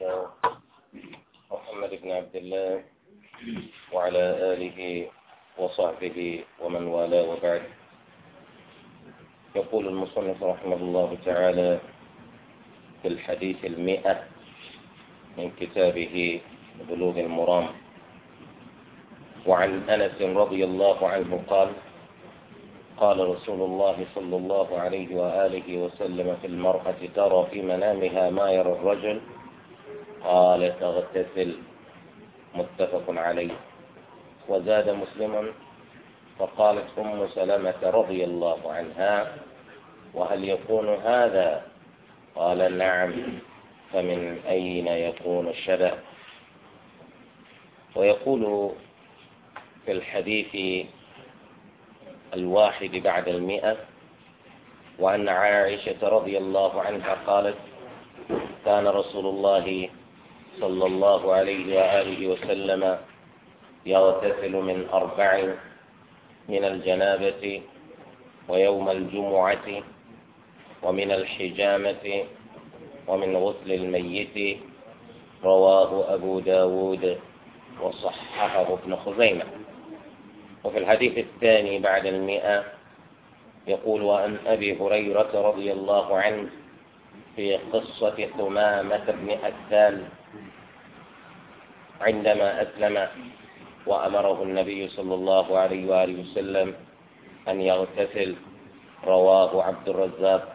الله محمد بن عبد الله وعلى آله وصحبه ومن والاه وبعد يقول المصنف رحمه الله تعالى في الحديث المئة من كتابه بلوغ المرام وعن أنس رضي الله عنه قال قال رسول الله صلى الله عليه وآله وسلم في المرأة ترى في منامها ما يرى الرجل قال تغتسل متفق عليه وزاد مسلما فقالت أم سلمة رضي الله عنها وهل يكون هذا قال نعم فمن أين يكون الشبه ويقول في الحديث الواحد بعد المئة وأن عائشة رضي الله عنها قالت كان رسول الله صلى الله عليه وآله وسلم يغتسل من أربع من الجنابة ويوم الجمعة ومن الحجامة ومن غسل الميت رواه أبو داود وصححه ابن خزيمة وفي الحديث الثاني بعد المئة يقول وأن أبي هريرة رضي الله عنه في قصة ثمامة بن أثال عندما أسلم وأمره النبي صلى الله عليه وآله وسلم أن يغتسل رواه عبد الرزاق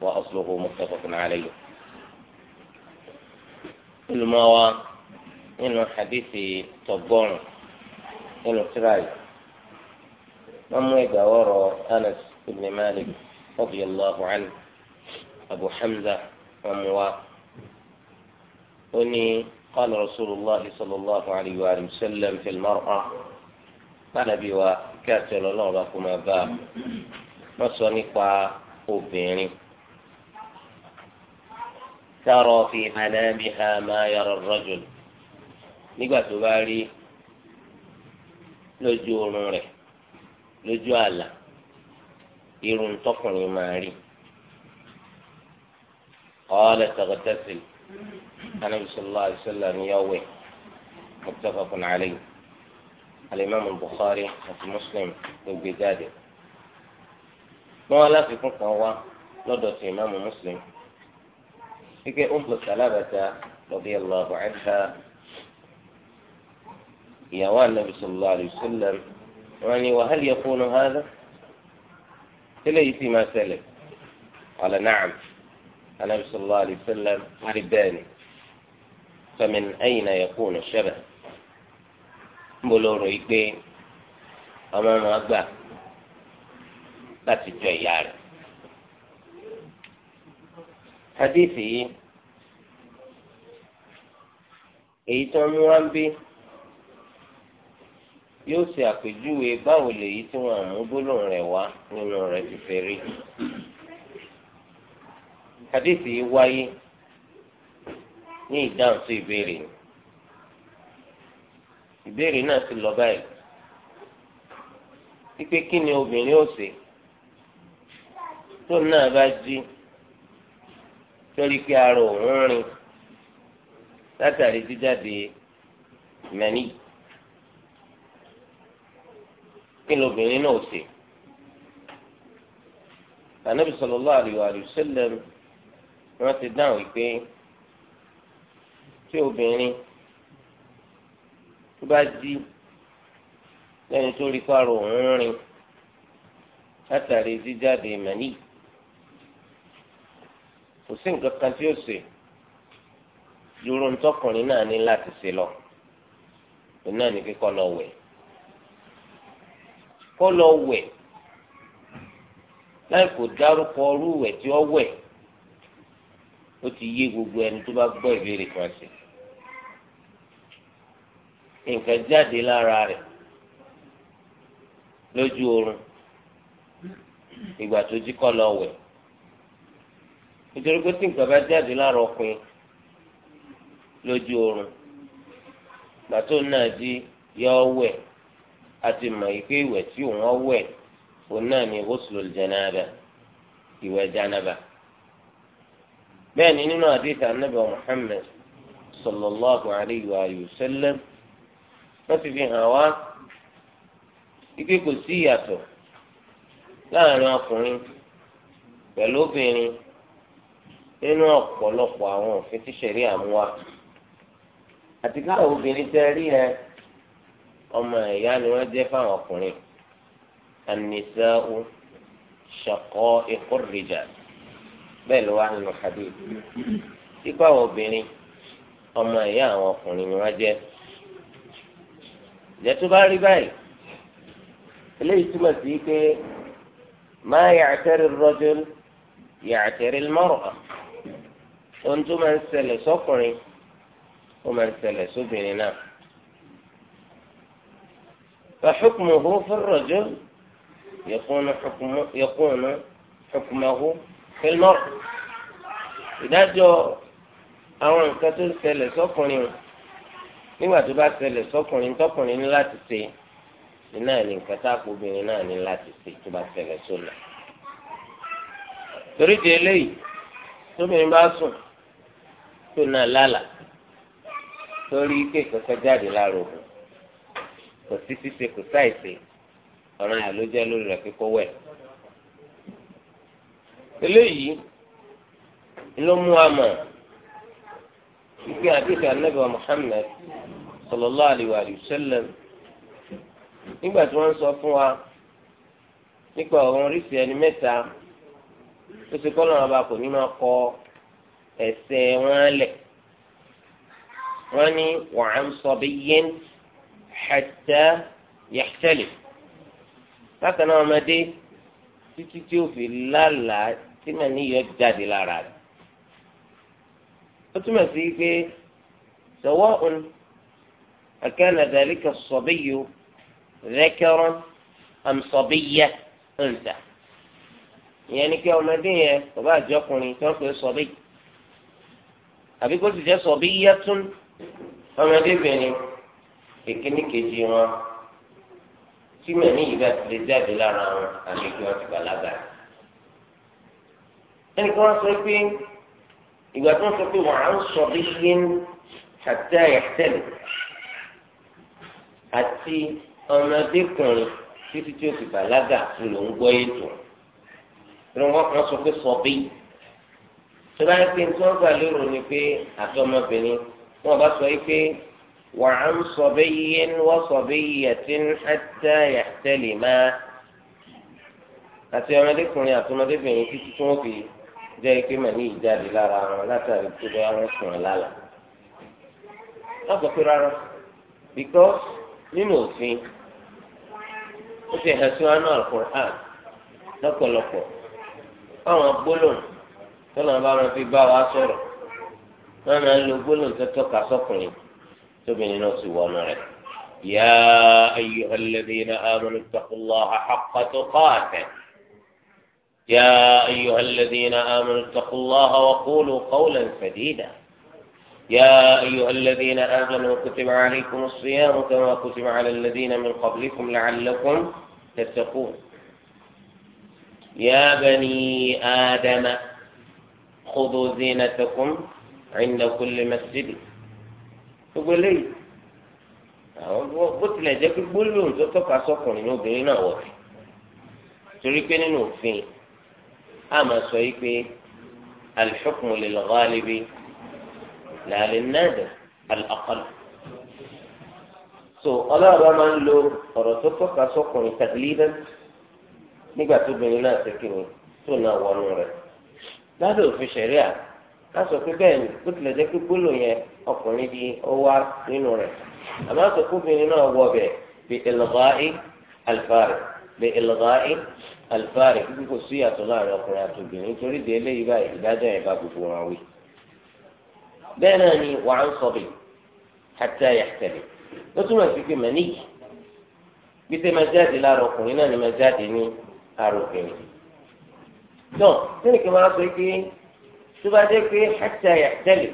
وأصله متفق عليه الموا إن حديث تبون إن تراي ومو يدور أنس بن مالك رضي الله عنه أبو حمزة وموا وني قال رسول الله صلى الله عليه وآله وسلم في المرأة قال بيوا كاتل الله لكم أبا رسولني قا أبيني ترى في منامها ما يرى الرجل نقوى تباري لجو نوري لجو ألا يرون تقني ماري قال تغتسل النبي صلى الله عليه وسلم يوي متفق عليه الإمام البخاري وفي مسلم ما ولا في كنت هو لدى إمام مسلم لكي أم سلابة رضي الله عنها يا النبي صلى الله عليه وسلم يعني وهل يكون هذا؟ إليه ما سلم قال نعم النبي صلى الله عليه وسلم عرباني فمن أين يكون الشبه بلور يكبي أمام أبا لا تجوي حديثي èyí tó wá ń bí yóò ṣe àpèjúwe báwo lèyí tí wọn àmú rẹ̀ wá hadith yìí wáyé ní ìdáhùn sí ìbéèrè ni ìbéèrè náà ti lọ báyìí wípé kí ni obìnrin ó ṣe tó náà bá jí torí pé ara òun rìn látàrí jíjáde mẹ́ni kí ni obìnrin náà ṣe. Ànábì sallallahu alaihi wa sallam wọ́n ti dáhùn wípé tí obìnrin tó bá jí lẹ́ni tó rí pààrọ̀ òun rìn látàrí jíjáde mẹ́lì kò sí nǹkan kan tí ó ṣe dúró ntọ́kùnrin náà ní láti ṣe lọ òun náà ní kíkọ́ lọ wẹ̀ kọ́ lọ wẹ̀ láì kò dárúkọ ọrú wẹ̀ tí ó wẹ̀ ó ti yé gbogbo ẹni tó bá gbọ́ ìbéèrè kan sí nǹkan jáde lára rẹ̀ lójú oorun ìgbà tó jí kọ́ lọ wẹ̀ nítorí pé tí nǹkan bá jáde lára ọkùnrin lójú oorun ìgbà tó náà jí yọ wẹ̀ àti mọ̀ ìpé ìwẹ̀ tí òun ọ̀wẹ̀ òun náà ni ghusl al-janaba ìwẹ̀ janaba bẹ́ẹ̀ ni nínú àdéhùn anábì Muhammad sallallahu alayhi wa sallam wọ́n ti fi hàn wá ike kò sí ìyàtọ̀ láàrin ọkùnrin pẹ̀lú obìnrin nínú ọ̀pọ̀lọpọ̀ àwọn òfin tí ṣẹ̀rí àmúwá àti káwọn obìnrin tẹ́ rí ẹ ọmọ ìyá ni wọ́n jẹ́ fáwọn ọkùnrin an-nisā'u shaqā'iqu ar-rijāl bẹ́ẹ̀ ló wà nínú hadith ikú àwọn obìnrin ọmọ ìyá àwọn ọkùnrin ni wọ́n jẹ́ ìjẹ́ tó bá rí báyìí eléyìí túmọ̀ sí pé máa ya'tari ar-rajul ya'tari al-mar'a ohun tó máa ń ṣẹlẹ̀ sọ́kùnrin ó máa ń ṣẹlẹ̀ sóbìnrin náà. فحكمه في الرجل يكون حكم يكون حكمه fílmọ́ọ̀ ìdájọ́ àwọn nǹkan tó ń ṣẹlẹ̀ sọ́kùnrin o nígbà tó bá ṣẹlẹ̀ sọ́kùnrin tọkùnrin ní láti ṣe iná ní nǹkan tá a kó obìnrin náà ní láti ṣe tó bá ṣẹlẹ̀ sólà. torí di eléyìí tóbìnrin bá sùn tó náà lálà torí pé kankan jáde lára kò sí ṣíṣe kò sáìsì ọ̀ràn àlójẹ́ lórí rẹ̀ kíkọ́ wẹ̀ eléyìí ló mú a mọ̀ ìpín àdéhùn anábì wa Muhammad sallallahu alayhi wa sallam nígbà tí wọ́n sọ fún wa nípa àwọn oríṣi ẹni mẹ́ta ó ti kọ́ lọ́nà ọba kò ní máa kọ ẹsẹ̀ wọn lẹ̀ wọ́n ní wa an sabiyyin hatta yahtalif látàná ọmọdé títí tí ó fi lálàá tí màní yọ jáde lára rẹ̀ ó túmọ̀ sí pé sọ̀wọ́ òun àkànnà dhalika as-sabiyyu dhakaran am sabiyya unsa ìyẹn ni kí ọmọdé yẹn bàbá àjọkùnrin tó ń pè sọ̀bí àbí kó sì jẹ́ sabiyyatun ọmọdébìnrin ìkíní kejì wọn tí màní yìí bá jáde lára wọn àbí kí wọ́n ti bàlágà rẹ̀ ẹnì kan wá sọ pé ìgbà tó ń sọ pé wọn à ń sọ bí yín àti àyàtẹlẹ àti ọmọdékùnrin títí tí ó fi bàlágà tó ló ń gbọ́ ètò ìrìn wọn kan sọ pé sọ bí tó bá yẹ pé tí wọn gbà lérò ni pé àtọmọbìnrin wọn bá sọ pé wọn à ń sọ bí yín wọn sọ bí yẹtìn àti àyàtẹlẹ máa àti ọmọdékùnrin àti ọmọdébìnrin títí tí wọn fi. jẹ́ pé màní ìjáde lára wọn látàrí tó bá wọn sùn lálà. wọ́n sọ pé rárá because nínú òfin ó ti hàn sí wánú Al-Qur'an lọ́pọ̀lọpọ̀ àwọn gbólóhùn tó náà bá wọn fi bá wa sọ̀rọ̀ wọn náà lo gbólóhùn tó tọ́ka sọ́kùnrin tóbìnrin náà sì wọnú rẹ̀. يا أيها الذين آمنوا اتقوا الله حق تقاته يا أيها الذين آمنوا اتقوا الله وقولوا قولا سديدا يا أيها الذين آمنوا كتب عليكم الصيام كما كتب على الذين من قبلكم لعلكم تتقون يا بني آدم خذوا زينتكم عند كل مسجد تقول لي bó tilẹ̀ jẹ́ pé gbólóhùn tó tọ́ka sọ́kùnrin ní obìnrin náà wọ̀ torí pé nínú òfin àmọ́ sọ yìí pé al-hukmu lil-ghalibi la nadir al-aqall so ọlọ́ọ̀bá máa ń lo ọ̀rọ̀ tó tọ́ka sọkùnrin tàbílídẹ́ nígbà tó bìnrin náà ṣe kiri tó náà wọnú rẹ̀ lábẹ́ òfin ṣẹ̀ríà láṣọ pé bẹ́ẹ̀ ni bó tilẹ̀ jẹ́ pé gbólò yẹn ọkùnrin di ó nínú rẹ̀ àmọ́ àṣọ kóbìnrin náà wọ bẹ̀ bí ilgha'i al bí ilgha'i alifáàrí kíkú kò sí ìyàtọ̀ láàrin ọkùnrin àti obìnrin nítorí di eléyìí báyìí ìdájọ́ yẹn bá gbogbo wọn wí. bẹ́ẹ̀ náà ni wà á ń sọ bì àti aya àyàtẹ̀lẹ̀ ló túmọ̀ sí pé mẹ́ni yìí gbèsè máa jáde lára ọkùnrin náà ni máa jáde ní ara to dọ́n sínú kí wọ́n á sọ pé tó bá dé pé àti aya àyàtẹ̀lẹ̀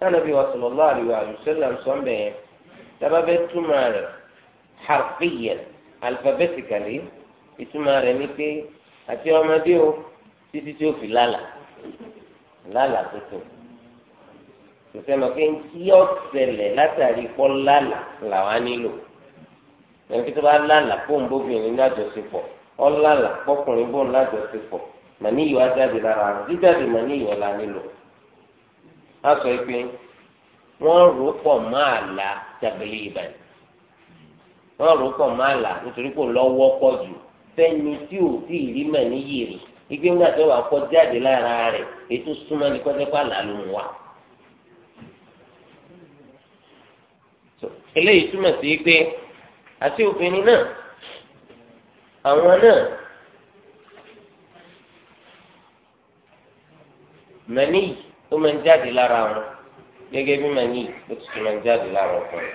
sáà bí wọ́n sọ̀rọ̀ lọ́wọ́ àríwá àlùsọ́lá ń sọ bẹ́ẹ̀ tábàbẹ́ túmọ̀ rẹ̀ ìtumọ̀ rẹ̀ ni pé àti ọmọdé o títí tí ó fi lálà lálà tuntun tòtẹ́ lọ pé tí ó ṣẹlẹ̀ látàrí pọ́ lálà làwa nílò ẹni tí tó bá lálà fóun bóbìnrin lájọṣepọ̀ ọ lálà fọkùnrin bóun lájọṣepọ̀ màní ìwà jáde lára jíjáde màní ìwà la nílò á sọ pé wọ́n rò pọ̀ máa la tàbílì ìbàdàn wọ́n rò pọ̀ máa la nítorí pé lọ́wọ́ pọ̀ jù fẹ́ni tí ò tí ì rí mà níyì rí igi ńgbà tó wà kọ́ jáde lára rẹ̀ ètò súnmọ́ ní pẹ́pẹ́pẹ́ àlá ló ń wà. eléyìí túmọ̀ sí pé àti obìnrin náà àwọn náà màníyì ó máa ń jáde lára wọn gẹ́gẹ́ bí màníyì ó ti máa ń jáde lára ọkùnrin.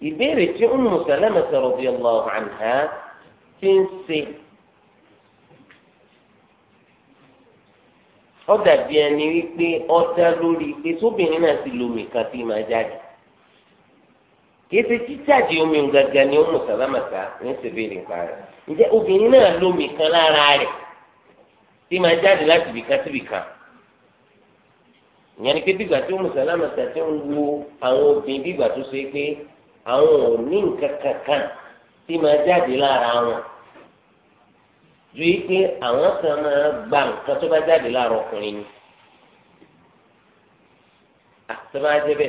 ìbéèrè tí Ummu Salamah radiyallahu anha ti ń ṣe ó dàbí ẹni wípé ó lórí ti lomi kan tí máa jáde kìí ṣe jíjáde omi gangan ni Ummu Salamah ní sèbéèrè nǹkan obìnrin náà lomi kan lára rẹ̀ tí máa jáde láti ibìkan síbìkan ìyẹn ni pé bígbà tí Ummu Salamah ti ń wo àwọn obìnrin bígbà tó ṣe pé àwọn ò ní nǹkan kankan tí máa jáde lára wọn ju yìí pé àwọn kan máa gba nǹkan tó bá jáde lára ọkùnrin ni àtúbà jẹbẹ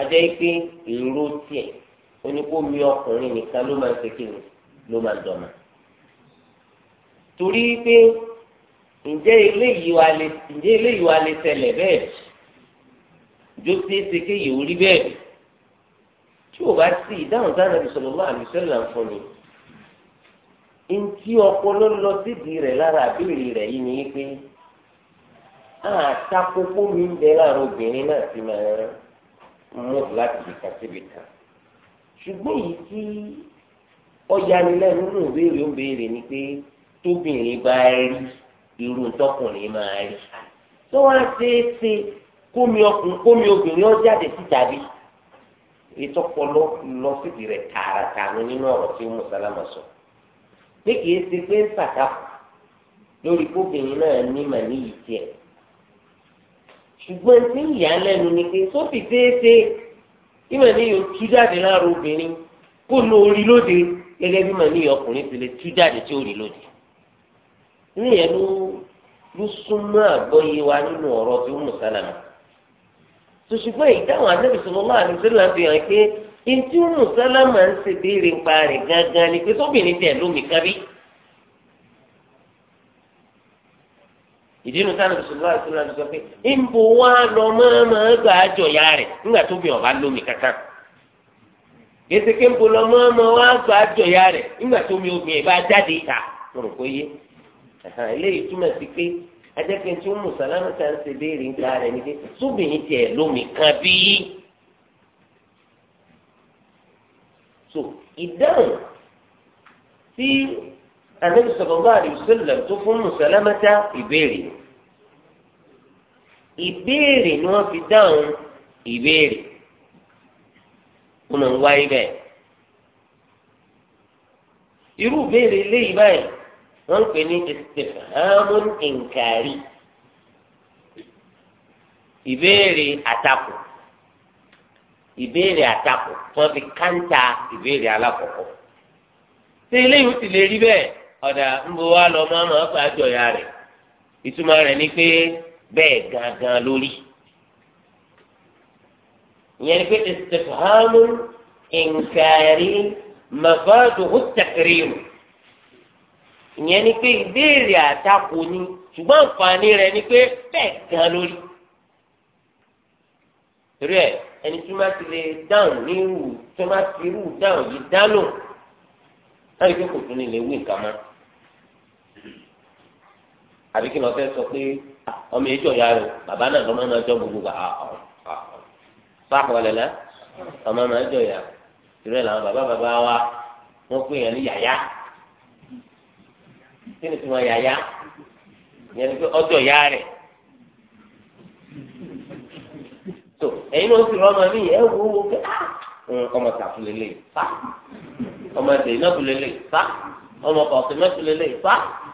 ajẹ́ yìí pé èrò tiẹ̀ oníkómi ọkùnrin nìkan ló máa ń ṣe kíni ló máa ń dọ̀mà torí pé ǹjẹ́ eléyìí wa lè ǹjẹ́ eléyìí wa lè ṣẹlẹ̀ bẹ́ẹ̀ jù ló ṣeé ṣe kéyìí orí bẹ́ẹ̀ tí o bá sí ìdáhùn sáà sallallahu alaihi wasallam fún mi ntí ọpọlọ lọ sídìí rẹ̀ lára àbílẹ̀ rẹ̀ yìí ni pé àtakókó mi ń bẹ lára obìnrin náà ti máa mú láti bìkan síbi kan ṣùgbọ́n èyí tí ọyanilẹ́nu nù béèrè ń béèrè ni pé tóbìnrin bá rí irú tọkùnrin máa rí tó wá ṣeé ṣe. kómi ọkùn kómi obìnrin ó jáde síta bí ìtọpọlọ lọ síbi rẹ tààràtààrà nínú ọ̀rọ̀ tí Umu sọ pé kìí ṣe pé ń lori lórí kóbìnrin náà ní màníyì tiẹ̀ ṣùgbọ́n tí ń yà á lẹ́nu ni pé sófì déédéé ìmọ̀ ní yóò tú jáde lára obìnrin kó lo orí lóde gẹ́gẹ́ bí màníyì ọkùnrin ti lè tú jáde tí ó rí lóde wa nínú tí sòṣùgbọ́n ìdáhùn anábì sallallahu alaihi wasallam fi hàn pé ntí ó mùsálámà ń ṣe béèrè ń pa rẹ̀ gángan ni pé sóbìnrin tẹ̀ lómi kábí. ìdí inú sọ pé ìbò wa lọ mọ́ọ́mọ́ gbà á jọ̀yà rẹ̀ nígbà tó bí lómi kankan. ń lọ gbà á rẹ̀ nígbà tó mi obìnrin bá jáde ìta ẹ jẹ́ kí n tún mùsàlámù tá à ń ṣe béèrè nípa rẹ̀ níbi súbìyìn tiẹ̀ lómi kan bí. so ìdáhùn tí ànábì sallallahu alaihi wasallam tó fún mùsàlámù tá ìbéèrè ìbéèrè ni wọ́n fi dáhùn ìbéèrè wọn ń wáyé bẹ́ẹ̀ irú ìbéèrè eléyìí báyìí wọ́n pè ní istifhamun inkari ìbéèrè àtakò ìbéèrè àtakò tí wọ́n fi káńtà ìbéèrè alákọ̀ọ́kọ́ ṣé eléyìí ó sì lè rí bẹ́ẹ̀ ọ̀dà ń bo wá lọ máa máa fà á jọ̀yà rẹ̀ ìtumọ̀ rẹ̀ ni pé bẹ́ẹ̀ gangan lórí ìyẹn ni pé istifhamun inkari mafaduhu takrimu ìyẹn ni pé ìbéèrè àtakò ni ṣùgbọ́n àǹfààní rẹ̀ ni pé bẹ́ẹ̀ gan lórí. torí ẹ ẹni tí wọ́n ti lè dáhùn ní irú tí wọ́n ti irú dáhùn yìí dánù láti pé kò tún ní lè wí nǹkan mọ́. àbí kí ni wọ́n fẹ́ sọ pé ọmọ ìjọ ya rẹ̀ bàbá náà lọ́mọ náà jọ gbogbo gbà sáàpù ọ̀lẹ́lẹ́ ọmọ náà jọ ya ìrẹ́ làwọn bàbá bàbá wa wọ́n pè yẹn ní yàyà. kí ni tuma ya rẹ̀ tó ẹ̀yin náà fi ọmọ mi ẹ̀ wò ó pé ọmọ tàfulẹ̀lẹ̀ fa ọmọ ẹ̀dẹ̀ náà fulẹ̀lẹ̀ fa ọmọ ọ̀sẹ̀ náà fulẹ̀lẹ̀ fa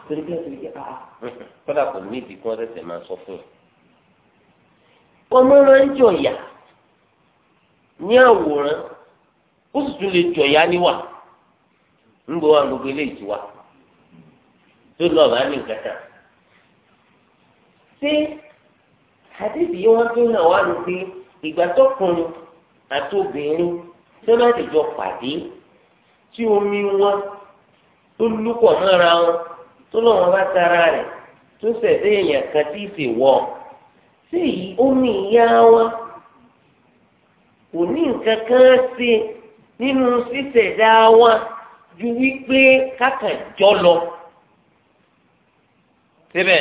torí kí ẹ torí ah! kò ní ìdí kí wọ́n sọ fún un ọmọ ń jọ ya ní àwòrán ó sì tún lè jọ ya níwà ń gbogbo eléyìí ti tó lọ bá ní nǹkan kan. ṣé àdébì yìí wọ́n tún náà wá ní pé ìgbà tọkùnrin àti obìnrin tó bá dìjọ pàdé tí omi wọn tó lúpọ̀ mọ́ra wọn tó lọ́wọ́ bá tara rẹ̀ tó ṣẹ̀ṣẹ̀ èèyàn kan tí ì sì wọ̀ ṣé omi ìyá wọn kò ní nǹkan kan ṣe nínú ṣíṣẹ̀dá wọn ju wípé kákan jọ lọ síbẹ̀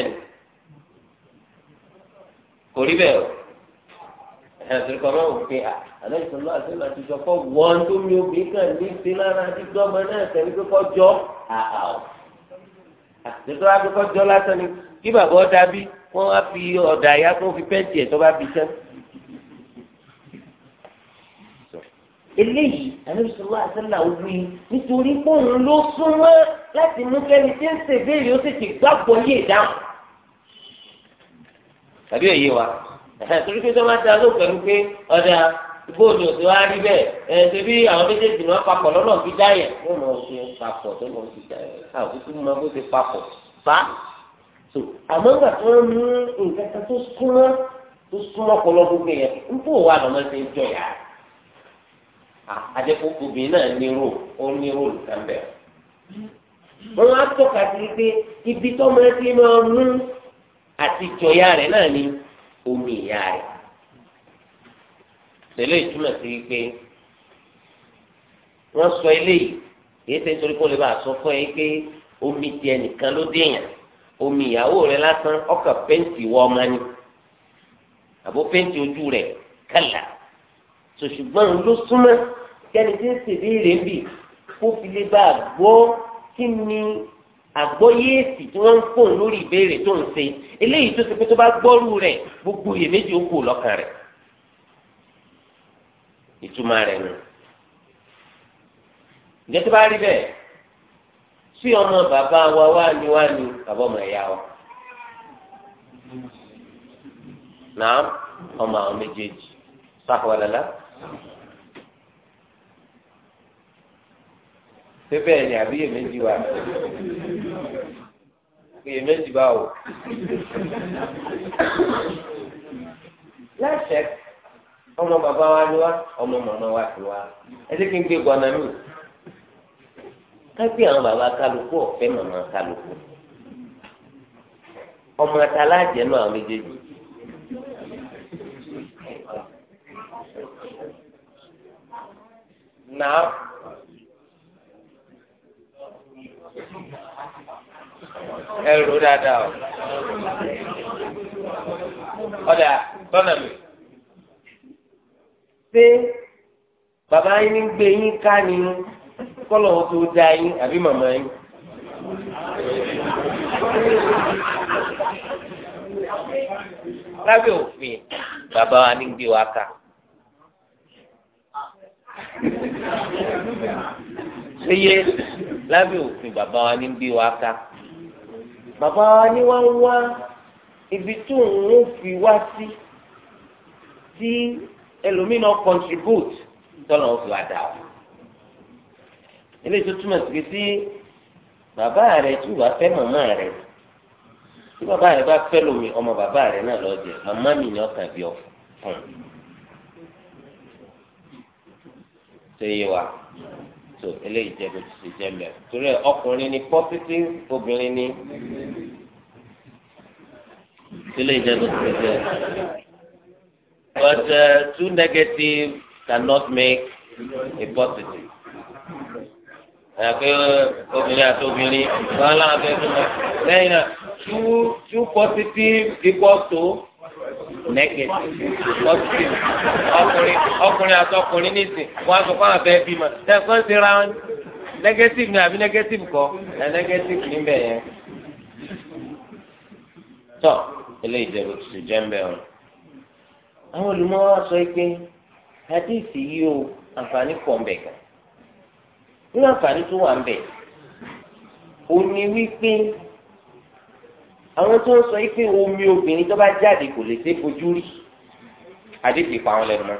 kò rí bẹ́ẹ̀ o ẹ̀sìnkọ́ máa wò pé àlẹ́sìn lọ́wọ́ àti ìlàjìjọ kọ́ wọ́n tó mi obìnrin kan ní ti lára dídọ́ ọmọ náà tẹ̀lé pé kọjọ́ àhàó àtẹ̀tọ́ akẹ́kọ̀ọ́ jọ lásán ni kí bàbá ọ̀dà bí wọ́n á fi ọ̀dà ya kó fi pẹ́ǹtì ẹ̀ tó bá fi sẹ́nu. eléyìí àníbísọ̀lá àtẹ́lá wí nítorí pòun ló súnmọ́ láti mú kẹ́ni tí ń ṣèbéèrè ó sì ti gbàgbọ́ yé dáhùn. tàbí òye wa torí pé tó máa da lóò pẹ̀lú pé ọ̀dà bóòlù òsè wa rí bẹ́ẹ̀ ẹ̀ ṣe bí àwọn méjèèjì máa papọ̀ lọ́nà bí dáyẹ̀ wọ́n mọ̀ ọ́n ṣe papọ̀ tó mọ̀ ọ́n ṣe dáyẹ̀ àwọn tó mọ̀ ọ́n ṣe papọ̀ fa. àmọ́ nígbà tí wọ́n mú nǹkan tó súnmọ́ tó súnmọ́ pọ̀lọ́ gbogbo yẹn ń wà lọ́mọ́ ṣe àdẹ́kù obìnrin náà nírò ó nírò lùkàmbẹ̀. wọ́n wá tọ́ka sí pé ibi tọ́mọ ẹtí máa mú àti jọ̀yà rẹ̀ náà ni omi ìyá rẹ̀. tẹ̀lé ìtumọ̀ sí pé wọ́n sọ eléyìí kì í ṣe nítorí kó lè bá a sọ fún ẹ pé omi tiẹ̀ nìkan ló dèèyàn omi ìyàwó rẹ̀ lásán ọkà pẹ́ǹtì wọ ọmọ ni àbó pẹ́ǹtì ojú rẹ̀ kàlà sòṣùgbọ́n òun ló súnmọ́ kẹ́ni tí ń sèbí rè ń bì kó fi lè bá a gbọ́ kí ni àgbọ́yé èsì tí wọ́n ń fò lórí ìbéèrè tó ń ṣe eléyìí tó ti pé tó bá gbọ́rù rẹ̀ gbogbo iyèméjì ó kù lọ́kàn rẹ̀ ìtumọ̀ rẹ̀ nù. ǹjẹ́ tó bá rí bẹ́ẹ̀ sí ọmọ bàbá wa wá ní wá ní bàbá ọmọ ẹ̀yà wa náà ọmọ àwọn méjèèjì sáfọ̀ wàlálà síbẹ̀ ni àbí èméjì wà èméjì bá wò láṣẹ ọmọ bàbá wa ni wá ọmọ màmá wa sì wá ẹ jẹ́ kí n gbé gbọ́nà mi kápẹ́ àwọn bàbá kálukú ọ̀fẹ́ màmá kálukú ọmọ àtàlájẹ́ náà méjèèjì. náà. ẹ rò dáadáa o ọ̀dà tọ́nà mi. ṣé bàbá yín ń gbé yín ká ni kọ́lọ̀ ó tó dá yín àbí màmá yín? lábẹ́ òfin bàbá wa ní gbé wa ká ṣeye lábẹ́ òfin bàbá wa ní bí wa ká bàbá wa ní wá ń wá ibi tó ń fi wá sí tí ẹlòmínà contribute tọ́lọ̀ ń fi wá dà o ilé tó túmọ̀ sí sí bàbá rẹ̀ tí wàá fẹ́ màmá rẹ̀ tí bàbá rẹ̀ bá fẹ́ lómi ọmọ bàbá rẹ̀ náà lọ́ọ́ jẹ màmá mi ni ọkàn bí ọ fún un. ṣe wa tó eléyìí jẹ bó ti ṣe jẹ mẹ torí ọkùnrin ní positive obìnrin ní eléyìí jẹ bó ti ṣe jẹ but uh, two negative cannot make a positive àyàpé obìnrin àti obìnrin wọn làwọn fẹẹ fún wa lẹ́yìn náà two two positive equal to nẹ́gẹ̀tì pọ́sítì ọkùnrin ọkùnrin àti ọkùnrin nìsín wọn aṣọ fún àbẹ bímọ tẹ̀kọ́ ti ra wọn nẹ́gẹ́tìfù ni àbí nẹ́gẹ́tìfù kọ́ ẹ̀ nẹ́gẹ́tìfù níbẹ̀ yẹn. tọ́ ilé ìjẹ̀bù ti jẹ́ ń bẹ̀ wọn. àwọn olùmọ̀wá sọ pé àdéhìsì yìí o àǹfààní pọ̀ ń bẹ̀ gan. nínú àǹfààní tó wà ń bẹ̀ òní wípé àwọn tó sọ yìí pé omi obìnrin tó bá jáde kò lè ṣe fojú rí àdéhùn ìpa àwọn lẹ́nu mọ́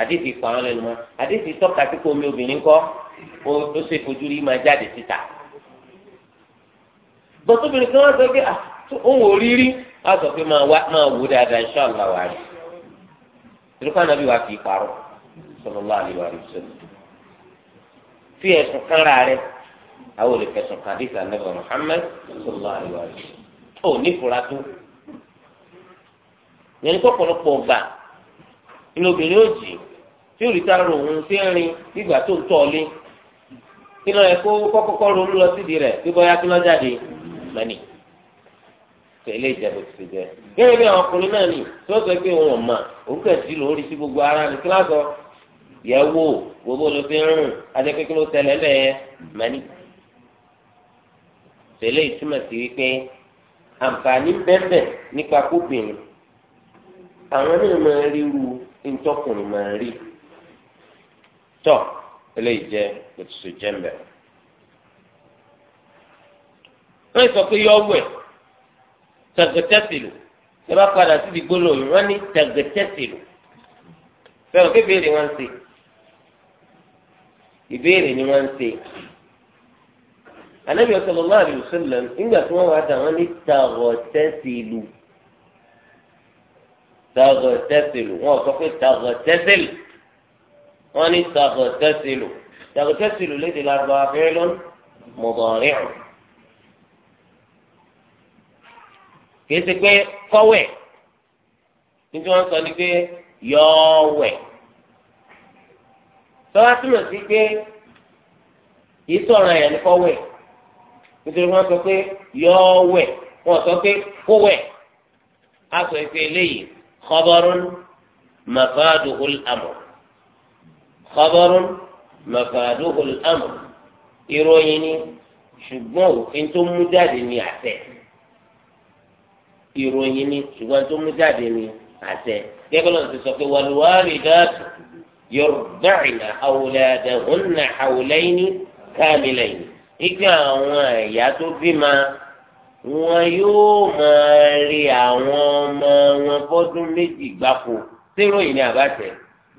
àdéhùn ìpa àwọn lẹ́nu mọ́ àdéhùn ìtọ́ka sí pé omi obìnrin kọ́ ó ṣe fojú rí máa jáde síta gbọ́sọ́bìnrin kan wá sọ pé ah, òun ò rí rí á sọ pé máa wò dáadáa inṣọ́ọ̀lá wà rí ìrúkọ ànábì wà fi ìparọ́ sallallahu alaihi wa sallam fi ẹ̀sùn kan ra rẹ̀ àwọn olùfẹsùn kàdísà nàbà Muhammad sallallahu alaihi wa sallam ó ní ìfura tó yẹnni pọpọlọpọ ọgbà inú obìnrin ó jì tí òrìta rò òun sí rin nígbà tó ń tọ́ ọ lé kí lọ́ọ́ yẹ kó kọ́kọ́kọ́ ronú lọ sídìí rẹ̀ bí bọ́yá kí lọ́ọ́ jáde lẹ́nìí tẹ̀lé ìjẹ́bù ti jẹ́. Gẹ́gẹ́ bí àwọn ọkùnrin náà nì tí wọ́n sọ pé òun ò mà òun kẹ̀ sí lórí sí gbogbo ara ní kíláàsọ. Yẹ wo gbogbo ló fi ń rùn adé ló tẹ̀lé lẹ̀ yẹ tẹ̀lé ìtumọ̀ sí wípé àǹfààní bẹ́ẹ̀ nípa kóbìnrin àwọn náà máa rí irú ntọ́kùnrin máa rí tọ́ eléyìí jẹ́ òtútù jẹ́mbẹ̀. wọ́n sọ pé yọ wẹ̀ tẹ̀gẹ̀tẹ̀sìlù ẹ bá padà síbi gbólóhùn wọ́n ní tẹ̀gẹ̀tẹ̀sìlù fẹ́ràn kébèrè wọn ṣe ìbéèrè ni wọ́n ń ṣe anabi sallallahu alaihi wasallam nígbà tí wọ́n wá dà wọ́n ní tàgọ̀tẹ́sìlù tàgọ̀tẹ́sìlù wọ́n sọ pé tàgọ̀tẹ́sìlù wọ́n ní tàgọ̀tẹ́sìlù tàgọ̀tẹ́sìlù lédè lárúbáwá fẹ́ẹ́ lọ́n mudari'u kìí ṣe pé kọ́wẹ̀ nítorí wọ́n sọ ni pé yọ̀ọ̀wẹ̀ tọ́wá túmọ̀ sí pé kìí sọ̀rọ̀ ẹ̀yàn ní kọ́wẹ̀ nítorí wọ́n sọ pé yọọ wẹ̀ wọ́n sọ pé kó wẹ̀ á sọ pé eléyìí khabarun mafaduhul amr khabarun mafaduhul amr ìròyìn ni ṣùgbọ́n òfin tó mú jáde ni àṣẹ ìròyìn ni ṣùgbọ́n tó mú jáde ni àṣẹ gẹ́gẹ́ lọ́nà ti sọ pé walwalidatu yurda'na awladahunna hawlayni kamilayni ike àwọn ẹ̀yà tó bímọ wọn yóò máa rí àwọn ọmọ wọn fọ́dún méjì gbáko sírò yìí ní àbàtẹ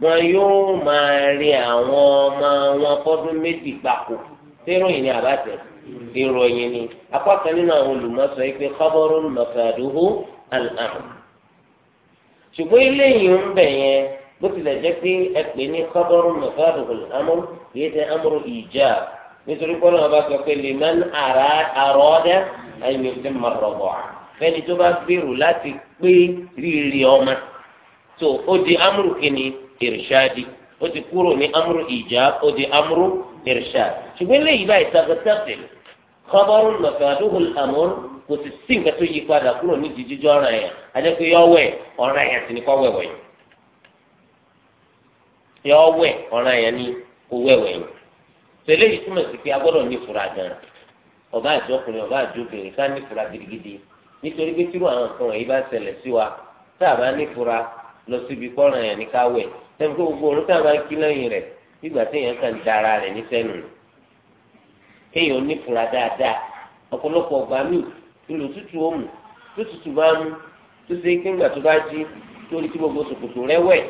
wọn yóò máa rí àwọn ọmọ wọn fọ́dún méjì gbáko sírò yìí ní àbàtẹ ìròyìn ni apá kan nínú àwọn olùmọ̀sọ yìí pé kọ́bọ́rún mọ̀fàdúhù àlàmù ṣùgbọ́n eléyìí ń bẹ̀ yẹn bó tilẹ̀ jẹ́ pé ẹ pè ní kọ́bọ́rún mọ̀fàdúhù àlàmù kì í ṣe amúrú ìjà nítorí kọ́nà ọba sọ pé lèman àrọ́dẹ́ ẹ̀yìn tí mo rọ̀bọ̀ à fẹ́ni tó bá gbèrò láti pé rírì ọmọ tó ó di amúrù kìíní ìrìṣàdì ó ti kúrò ní amúrù ìjà ó di amúrù ìrìṣàdì ṣùgbọ́n léyìí báyìí sàgẹ́sàgẹ́ kọ́bọ́rún mọ̀fàdúhùn àmúrù kò sì sí nǹkan tó yí padà kúrò ní jíjíjọ́ ọ̀ràn yẹn adékun yọ wẹ̀ ọ̀ràn yẹn sì ni kọ́ wẹ̀wẹ̀ yọ wẹ̀ ọ̀ràn yẹn ni kò wẹ̀wẹ̀ yẹn tẹ̀lé yìí túmọ̀ sí pé a gbọ́dọ̀ ní ìfura gan ọba àti ọkùnrin ọba àti obìnrin ká ní ìfura gidigidi nítorí pé tírú àwọn nǹkan wọ̀nyí bá ṣẹlẹ̀ sí wa tá a bá ní ìfura lọ síbi kọ́ran yẹn ní ká wẹ̀ sẹ́mi pé gbogbo òun tá a bá ń kí lẹ́yìn rẹ̀ nígbà tí èèyàn kàn da ara rẹ̀ ní sẹ́nu kéèyàn ní ìfura dáadáa ọ̀pọ̀lọpọ̀ ọgbà míì ìlú tútù ó mú tó tútù bá mú tó ṣe kí ńgbà tó bá jí tó rí tí gbogbo sòkòtò rẹ̀ wẹ̀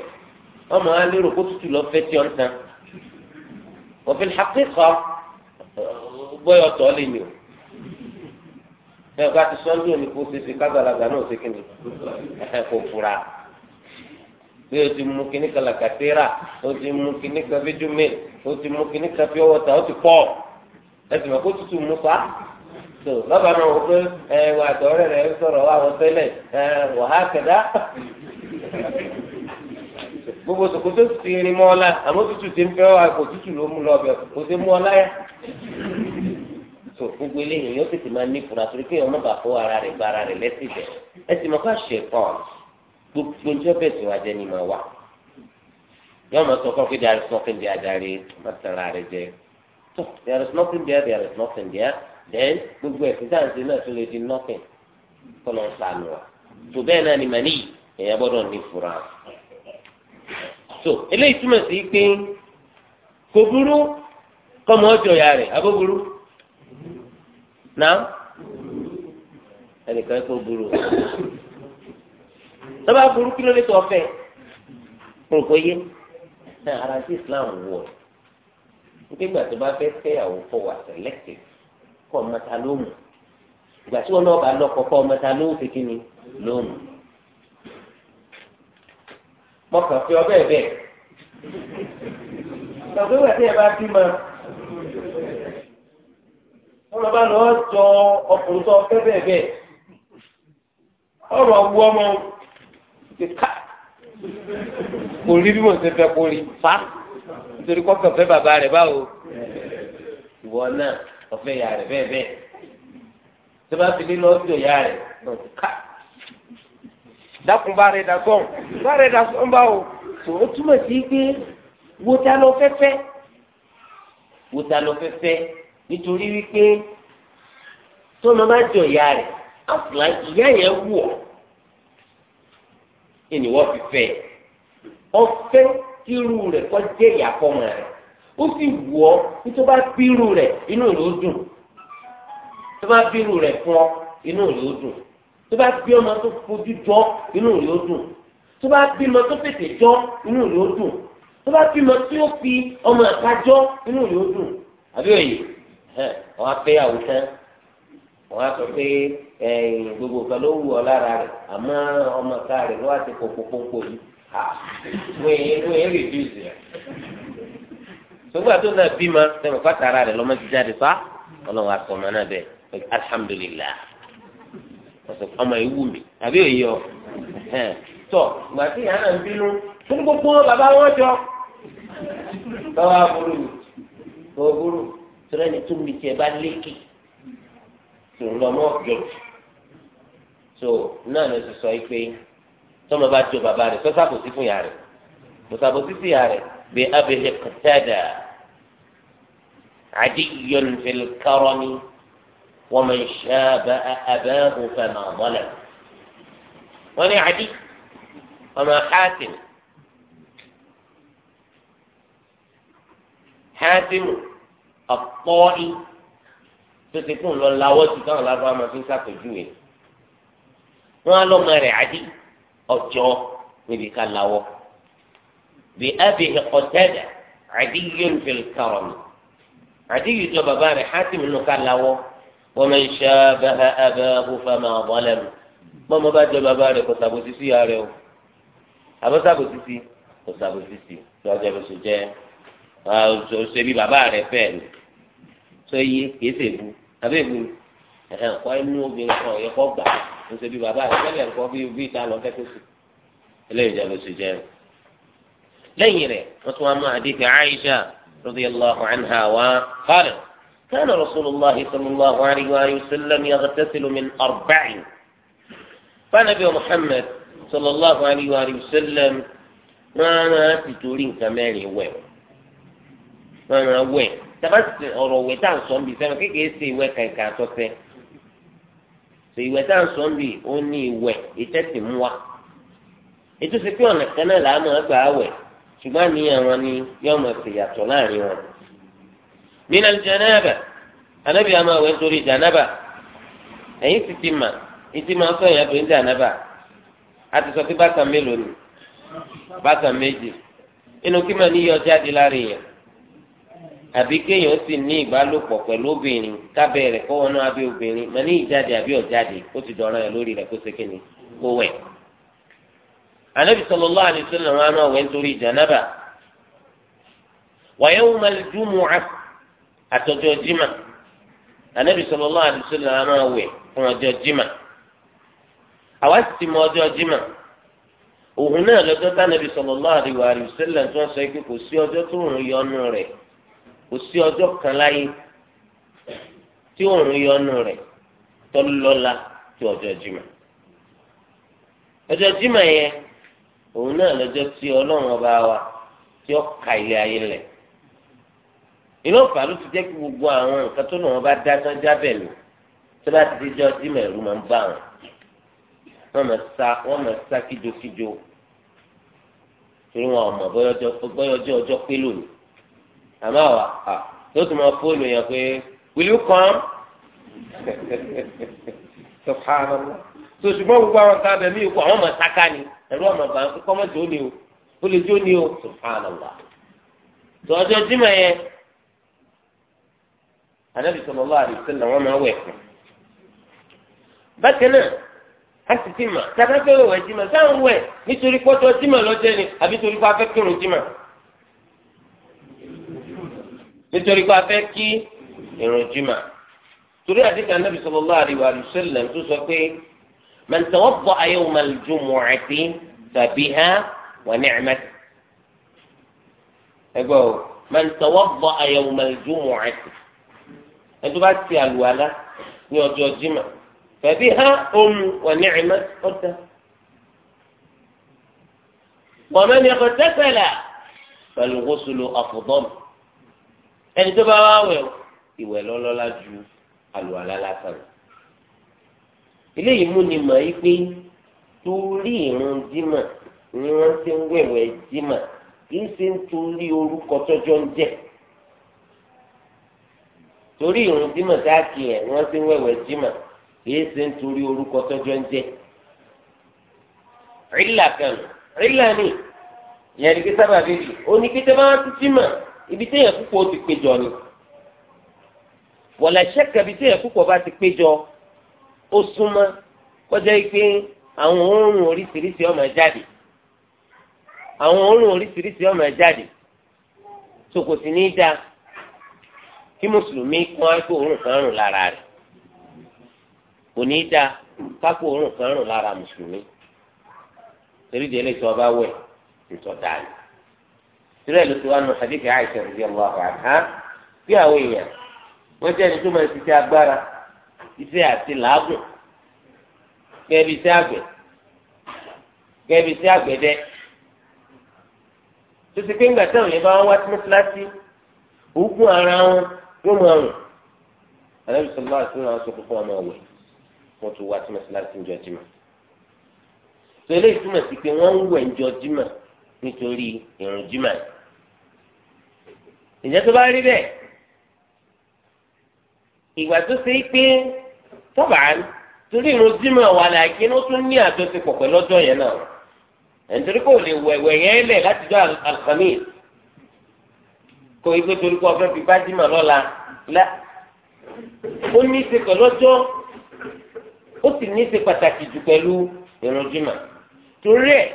ọmọ alérò kó tútù lọ fẹ́ tí ọ̀ ń tan وفي الحقيقة بويا طاليني ẹ bá ti sọ ní òní kó ṣeéṣe kágbàlagbà náà ṣe kíni kò fura bí o ti mú kíní kan làkàtẹ́rà o ti mú kíní kan fíjúmẹ́ o ti mú kíní kan fi ọwọ́ ta o ti pọ̀ ẹ sì mọ̀ kó tutù mú fa tó lọ́ba náà wọ́n pé ẹ wà àtọ̀rẹ́ rẹ̀ sọ̀rọ̀ àwọn tẹ́lẹ̀ ẹ wàhálà kẹ̀dá gbogbo sòkòtò ti rin mọ́ ọ́lá àmọ́ tútù ti ń fẹ́ wá kò tútù ló mú lọ́ọ́ bẹ̀ kò sí mú ọ́lá yá. tó gbogbo eléyìí yóò tètè máa ní ìfura torí kéèyàn má bàa fọ ara rẹ̀ gba ara rẹ̀ lẹ́sìn bẹ̀ ẹ sì mọ̀ ká ṣe pọ́n gbogbo ọjọ́ bẹ̀ tí wàá jẹ́ ni máa wà. yóò máa sọ fún kéde àrùn sọ́kìn bíi adarí má tara rẹ̀ jẹ tó there is nothing there there is nothing there gbogbo ẹ̀sìn náà tó lè di nothing kọ́ lọ́n sànù wa tó bẹ́ẹ̀ náà ni màníyì èèyàn gbọ́dọ̀ ní ìfura so eléyìí túmọ̀ sí pé kò burú kọ́mọ ọjọ́ ya rẹ̀ abó burú náà ẹnìkan kò burú tọ́ba burú kí ló lè tọ́ fẹ́ kò kò yé ara sí Islam wọ̀ nígbà tó bá fẹ́ fẹ́yàwó fọ wà mo kàn fi ọbẹ̀ bẹ́ẹ̀. Ìgbàgbọ́ ìgbà tí ẹ bá bí ma wọ́n lọ bá lọ jọ ọkùnrin tó ọfẹ́ bẹ́ẹ̀ bẹ́ẹ̀. Ọ̀rọ̀ wu ọmọ ti Kò rí bí mo ṣe fẹ́ kó rí fa. Nítorí kọ́kàn fẹ́ bàbá rẹ̀ báwo. Ìwọ náà ọ̀fẹ́ ìyá rẹ̀ bẹ́ẹ̀ bẹ́ẹ̀. Tí wọ́n bá fi lé lọ́ọ́ sí ìyá rẹ̀ ká dákun bá rẹ̀ dà sọ̀hún bá rẹ̀ dà sọ̀hún báwo tó o túmọ̀ sí pé wo ta lọ fẹ́fẹ́ wo ta lọ fẹ́fẹ́ nítorí wípé tó ma bá jọ ìyá rẹ̀ àfúlà ìyá yẹn wù ọ́ ènìwọ́ fi fẹ́ ọfẹ́ irú rẹ̀ kọ́ jẹ́ ìyàfọ́mọ rẹ̀ ó sì wù ọ́ nítorí bá bírú rẹ̀ inú rẹ̀ ó dùn tó bá bírú rẹ̀ fún ọ inú rẹ̀ ó dùn tó bá bí ọmọ tó fojú jọ inú rẹ̀ ó dùn tó bá bí ọmọ tó fètè jọ inú rẹ̀ ó dùn tó bá bí ọmọ tí ó fi ọmọ ẹ̀ka jọ inú rẹ̀ ó dùn àbí òye wọn á pé àwùjọ wọn á sọ pé gbogbo kan ló wù ọ lára rẹ̀ àmọ́ ọmọ ẹ̀ka rẹ̀ ló wà ti pòpòpòpò yìí wọ́n yẹn rìdíùsì rẹ̀ sọgbà tó náà bímọ sẹ́mi pátá ara rẹ̀ lọ́mọ ti fa ọlọ́run àtọ̀mọ́ náà bẹ̀ alhamdulilayi ọmọ ìwú mi àbí òye ọ tọ ìgbà tí ìyá náà ń bínú fún gbogbo bàbá wọn jọ báwa burú mi báwa burú tẹ́lẹ̀ ní túmí tiẹ̀ bá lékè tó ń lọ mọ́ jọ so náà ló ti sọ yìí pé tọ́mọ bá jọ bàbá rẹ̀ sọ́sà kò sí fún ìyá rẹ̀ kò sí sí ìyá rẹ̀ bí abẹ́lẹ̀ kọ́tẹ́dà àdéhùn fẹ́lẹ́ kárọ́ ni. ومن شابأ أباه فما ظلم وني عدي وما حاتم حاتم الطائي تتكون لولاوتي كان الأربعة ما في ساكو جوي ولو ما عدي أجو نبي كان لاوه بأبيه قتادة عدي في الكرم عدي جو بابا حاتم إنه كان لاوه ومن شابه أباه فما ظلم mọ́mọ́ ما jẹ bàbá rẹ̀ kò ṣàbòsí sí ìyá rẹ̀ o àbọ̀ ṣàbòsí sí kò ṣàbòsí sí tó ọjà bó ṣe jẹ́ ṣe bí bàbá rẹ̀ fẹ́ ni tó yí kìí ṣe bu àbẹ́ bu ẹ̀hẹ́n kọ́ inú obìnrin kan ọ̀yẹ́ kọ́ gbà ń ṣe bí bàbá rẹ̀ fẹ́lẹ̀ bí bí ìta lọ fẹ́ sí eléyìí jẹ́ bó ṣe jẹ́ lẹ́yìn rẹ̀ wọ́n tún wá mú àdìsí Aisha radiyallahu anha wa qala كان رسول الله صلى الله عليه وآله وسلم يغتسل من أربع فنبي محمد صلى الله عليه وآله وسلم ما ما تتورين كمان وين ما أنا وين تبس أروي ويتان صنبي سنة كي يسي وين كان كاتوسي sọ ìwẹ̀ tá à ń sọ ń bì ó ní ìwẹ̀ ìtẹ́sí mú wa ètò ìsìnkú ọ̀nà kan náà làá máa gbà á wẹ̀ ṣùgbọ́n àníyàn wọn ni yóò isinku ona ما نيا laa ṣèyàtọ̀ sugbon minal janaba anabi àmọ́ àwẹ̀ nítorí janaba ẹ̀yin sì ti mà ìtì janaba a ti sọ pé bákan mélòó ni bákan méjì inú kí màá níyọ jáde lára èèyàn àbí kéèyàn obere ní ìbálòpọ̀ pẹ̀lú obìnrin kábẹ́ rẹ̀ kọ́ wọnú abẹ́ obìnrin ti dọ̀rọ̀ ẹ̀ lórí rẹ̀ kó ṣe kíni àtọjọ jimá anabi sallallahu alaihi wasallam máa fún ti mọ ọjọ́ jimá náà lọ́jọ́ tánàbí sallallahu alaihi wasallam tí wọ́n kò sí tó yọnu kò sí kan láyé tí òun yọnu tó ilé ayé iná fà ló ti jẹ́ kí gbogbo àwọn nǹkan tó nà wọ́n bá dá tán jábẹ̀ lò tó bá ti di jọ dímọ̀ ẹ̀rú máa ń bá wọn wọ́n máa sá wọ́n máa sá kíjokíjo torí wọn ọmọ bọ́yọ̀jọ́ ọjọ́ pé lónìí àmọ́ àwa à tó tún máa fóònù yẹn pé will you come subhanallah so ṣùgbọ́n gbogbo àwọn kan abẹ mi kú àwọn ọmọ sáká ni ẹ̀rú ọmọ bá ń kọ́ mọ́tò ó o ó lè jó ní o subhanallah tó ọjọ́ dímọ̀ yẹn anabi sallallahu alaihi wasallam wọn máa wẹ̀ fún bákan náà a sì ti mà tàbátẹ́ wẹ̀ wẹ̀ jimá sáwọn wẹ̀ nítorí pọ́tọ́ jimá lọ́jẹ́ ni àbí torí pé a fẹ́ kírun jimá nítorí pé a fẹ́ kí irun jimá torí àdìgbà anabi sallallahu alaihi wasallam tó sọ pé man tawadda'a yawma al-jumu'ati fabiha wa ni'mat ẹgbẹ́ o man tawadda'a yawma al-jumu'ati ẹtú bá ti àlùwàlá ní ọjọ́ jimá fẹbi ha ohun wà ní ẹmẹ ọdá wọn mẹni ẹkọ tẹsẹlẹ pẹ̀lú wosolo àfọdọm ẹni tó bá wà wẹ̀ ìwẹ̀ lọlọlá ju àlùwàlá lásán eléyìí mú ni mọ̀ yí pé torí ìrun jimá ni wọ́n ti ń wẹ̀wẹ̀ jimá kì í ṣe ń torí orúkọ tọ́jọ́ ń jẹ́ torí ìrùn dímọ̀ tá a kì ẹ̀ ni wọ́n ti ń wẹ̀wẹ̀ dímọ̀ kìí ṣe ń torí orúkọ tọ́jọ́ ń jẹ́ rílà kan rílà ni ìyẹn ní kí sábà bèbí òní kí sábà wọn ti dímọ̀ ibi téèyàn púpọ̀ ti péjọ ni wọ̀lẹ̀ ṣẹ́kẹ̀ ibi téèyàn púpọ̀ bá ti péjọ ó súnmọ́ kọjá pé àwọn òórùn oríṣiríṣi ọmọ jáde àwọn òórùn oríṣiríṣi ọmọ jáde sòkòtì ní í dáa kí mùsùlùmí kún ápò òórùn kan rùn lára rẹ̀ kò ní í da kápò òórùn kan rùn lára mùsùlùmí torí délé tí wọn bá wẹ̀ nítorí dáa ni torí ẹ̀ ló ti wá nù sàdíkì àìsàn ìdí ọmọ àwọn àká bí àwọn èèyàn wọ́n jẹ́ ẹni tó máa ń agbára iṣẹ́ àti làágùn gẹ́gẹ́ bí iṣẹ́ àgbẹ̀ gẹ́gẹ́ bí iṣẹ́ tó ti pé ńgbà táwọn yẹn bá wá sí mọ́sálásí òògùn ara wọn yóò máa rùn àlẹ́bí sọ̀rọ̀ bá àti náà sọ pé fún ọmọ ọ̀wẹ̀ wọ́n tún wá tìmọ̀ sí láti ń jọ jimá tó eléyìí túmọ̀ sí pé wọ́n ń wẹ̀ ń jọ jimá nítorí ìrùn jimá ìjẹ́ tó bá rí bẹ́ẹ̀ ìgbà tó ṣe é pé tọ́ba torí ìrùn jimá wà láàkí ní ó tún ní àjọṣepọ̀ pẹ̀lú ọjọ́ yẹn náà ẹ̀ kò lè wẹ̀wẹ̀ yẹn lẹ̀ láti jọ àlùkàmíìsì kò yí pé torí kó ọfẹ́ fi gbájúmọ̀ lọ́la la ó ní í ṣe pẹ̀lú ọjọ́ ó sì ní í ṣe pàtàkì jù pẹ̀lú ìrànjúmọ̀ torí ẹ̀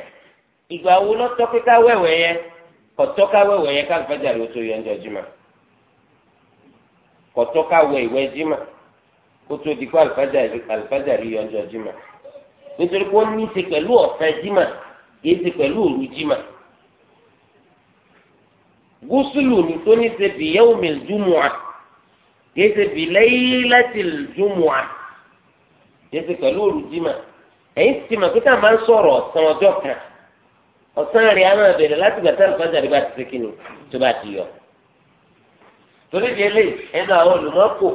ìgbà wo lọ́tọ́ pé ká wẹ̀wẹ̀ yẹn kọ̀tọ́ ká wẹ̀wẹ̀ yẹn ká fẹ́jà ló tó yọ ọjọ́ jùmọ̀ kọ̀tọ́ ká wẹ ìwẹ̀ jùmọ̀ kó tó di kó àlùfájà rí ọjọ́ jùmọ̀ nítorí pé ní í ṣe pẹ̀lú ọ̀fẹ́ jùmọ̀ kì í ṣe pẹ̀lú òru jùmọ̀ gúúsùlù ni tó ní ṣe bí yẹ́wòmí júmùà kìí ṣe bí lẹ́yìn láti júmùà kìí ṣe pẹ̀lú olùjímà ẹ̀yìn ti mà pété àmà ń sọ̀rọ̀ ọ̀sán ọjọ́ kan ọ̀sán rẹ̀ á máa bẹ̀rẹ̀ láti gbàtà àlùfáàjà rẹ̀ bá ti ṣe kíni tó bá ti yọ. torí di eléyìí ẹnu àwọn olùmọ́kò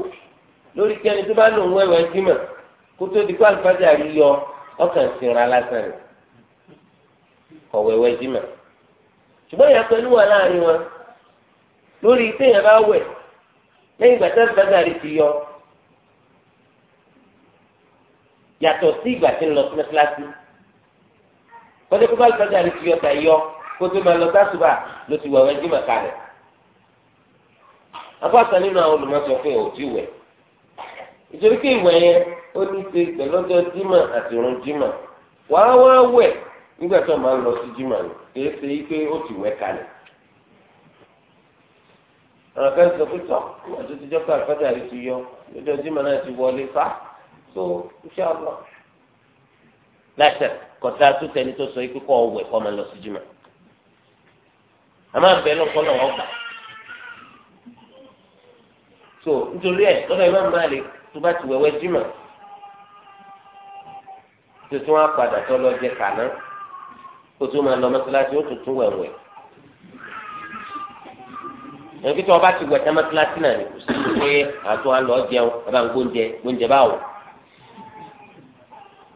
lórí kẹ́ni tó bá lò ń wẹ̀wẹ̀ jímà kó tó di kó àlùfáàjà rẹ̀ yọ ọkàn ìsinra lásán rẹ̀ kọ̀wẹ̀wẹ̀ jímà ṣùgbọ́n ìyàpẹ̀lú wà láàrin wọn lórí téèyàn bá wẹ̀ lẹ́yìn ìgbà tí alifásàrì ti yọ yàtọ̀ sí ìgbà tí ń lọ sí mẹ́tíláṣí kọ́dé kó bá alifásàrì ti yọ tà yọ kó tó máa lọ sásùbà ló ti wọ̀ wẹ́jú màkà rẹ̀ afáàtà nínú àwọn olùmọ̀sọ pé ò tí wẹ̀ ìtorí pé ìwẹ̀ yẹn ó ní ṣe pẹ̀lọ́jọ́ jímọ̀ àti òrùn jímọ̀ wàá wá wẹ̀ nígbà tó máa ń lọ sí jímọ̀ kì í ṣe pé ó ti wẹ̀ kalẹ̀ àwọn akẹ́kọ̀ọ́ sọ pé tọ́ àti ìtijọ́ pé àlùfáàjà rí ti yọ lọ́jọ́ jimá náà ti wọlé fa so iṣẹ́ ọlọ́ láṣẹ kọ̀tà tó tẹni tó sọ ikú kọ́ ọ̀wẹ̀ kọ́ máa lọ sí jimá àmọ́ àbẹ̀ lọ́kọ́ náà wọ́n gbà so nítorí ẹ̀ lọ́dọ̀ ìmọ̀ máa lè tó bá ti wẹ̀wẹ̀ jimá tuntun á padà tó lọ jẹ kàná kó tó máa lọ mọ́sálásí ó tuntun wẹ̀wẹ̀ ẹnìkí tí wọn bá ti wẹ tẹmẹ kíláàsì náà ní kò sí pé àtún àlọ jẹun bàbá ń gbóúnjẹ gbóúnjẹ báwò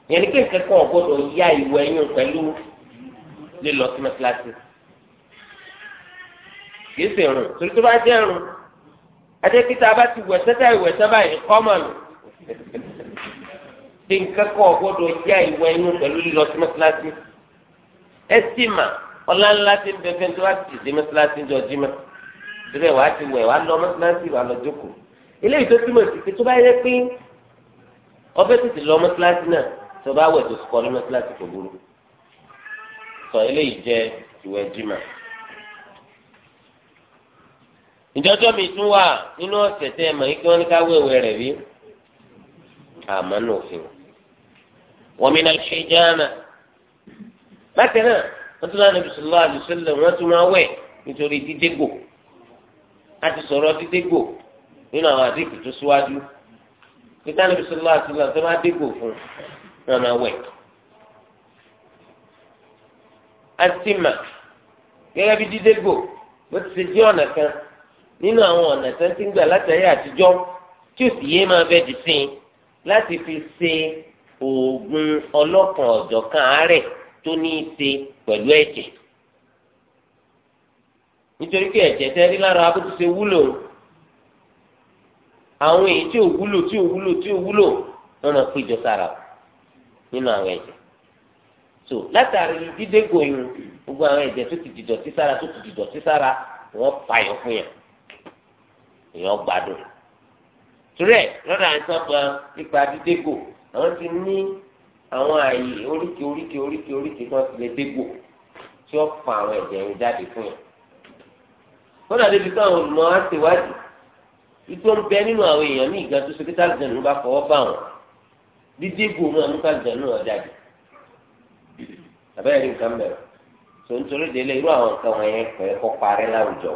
yẹn ní kí nǹkan kan ọgbọdọ yá ìwẹ yín pẹ̀lú lílọ tẹmẹ kíláàsì kìí sì rùn torí tó bá jẹ rùn àtẹkí tá a bá ti wẹ sẹta ìwẹ sábà yìí kọmọnù kí nǹkan kan yá ìwẹ yín pẹ̀lú lílọ tẹmẹ kíláàsì ẹ sì ti bẹ fẹ́ tó bá ti dé mẹ jọ jí torí ẹ̀ wá ti wẹ̀ wá lọ mọ́sálásí wà lọ jókòó eléyìí tó túmọ̀ sí pé tó bá yẹ pé ọbẹ̀ tètè lọ mọ́sálásí náà tó bá wẹ̀ tó sùkọ́ ní mọ́sálásí kò burú sọ eléyìí jẹ́ ìwẹ̀ jimá ìjọjọ́ mi tún wà nínú ọ̀sẹ̀ tẹ́ ẹ mọ̀ yìí kí wọ́n ní ká wéwèé rẹ̀ rí àmọ́ ní òfin wọ́n mi náà ṣe jáàmà bákan náà wọ́n tún lánàá bisimilá àdùsílẹ̀ wọ́n tún máa wẹ̀ nítorí dídégò a ti sọ̀rọ̀ dídé gbò nínú àwọn àdéhùn tó síwájú nígbà níbi sọlá àti ìlànà tó máa dé gbò fún nànà wẹ̀. a ti mà gẹ́gẹ́ bí dídé gbò bó ti ṣe jẹ́ ọ̀nà kan nínú àwọn ọ̀nà tó ń ti gbà látàrí àtijọ́ tí ò sì yé máa bẹ́ẹ̀ dì sí i láti fi ṣe oògùn ọlọ́kan ọ̀jọ̀kan àárẹ̀ tó ní í ṣe pẹ̀lú ẹ̀jẹ̀ nítorí pé ẹ̀jẹ̀ tẹ́ rí lára bó ti ṣe wúlò àwọn èyí tí ò wúlò tí ò wúlò tí ò wúlò wọn náà péjọ sára nínú àwọn ẹ̀jẹ̀ so látàrí dídé gòyún gbogbo àwọn ẹ̀jẹ̀ tó ti dìdọ̀ sí sára tó ti dìdọ̀ sí sára wọn fàyọ fún yàn èèyàn gbádùn torí ẹ lọ́dọ̀ àìsàn kan nípa dídé gò àwọn ti ní àwọn ààyè oríkèé oríkèé oríkèé oríkèé kan ti lè dégò tí ó fa àwọn ẹ̀jẹ̀ yẹn jáde fún yàn kódà débi káwọn olùmọ̀ á ṣèwádìí ìtò ń bẹ nínú àwọn èèyàn ní ìgbà tó ṣe kí tálíjẹ̀nù bá fọwọ́ bá wọn dídí ègbò náà mú tálíjẹ̀nù náà jáde àbẹ́rẹ́ nǹkan bẹ̀rẹ̀ tó ń torí délé irú àwọn nǹkan wọn yẹn kọ̀ ẹ́ kọ́ parẹ́ láwùjọ.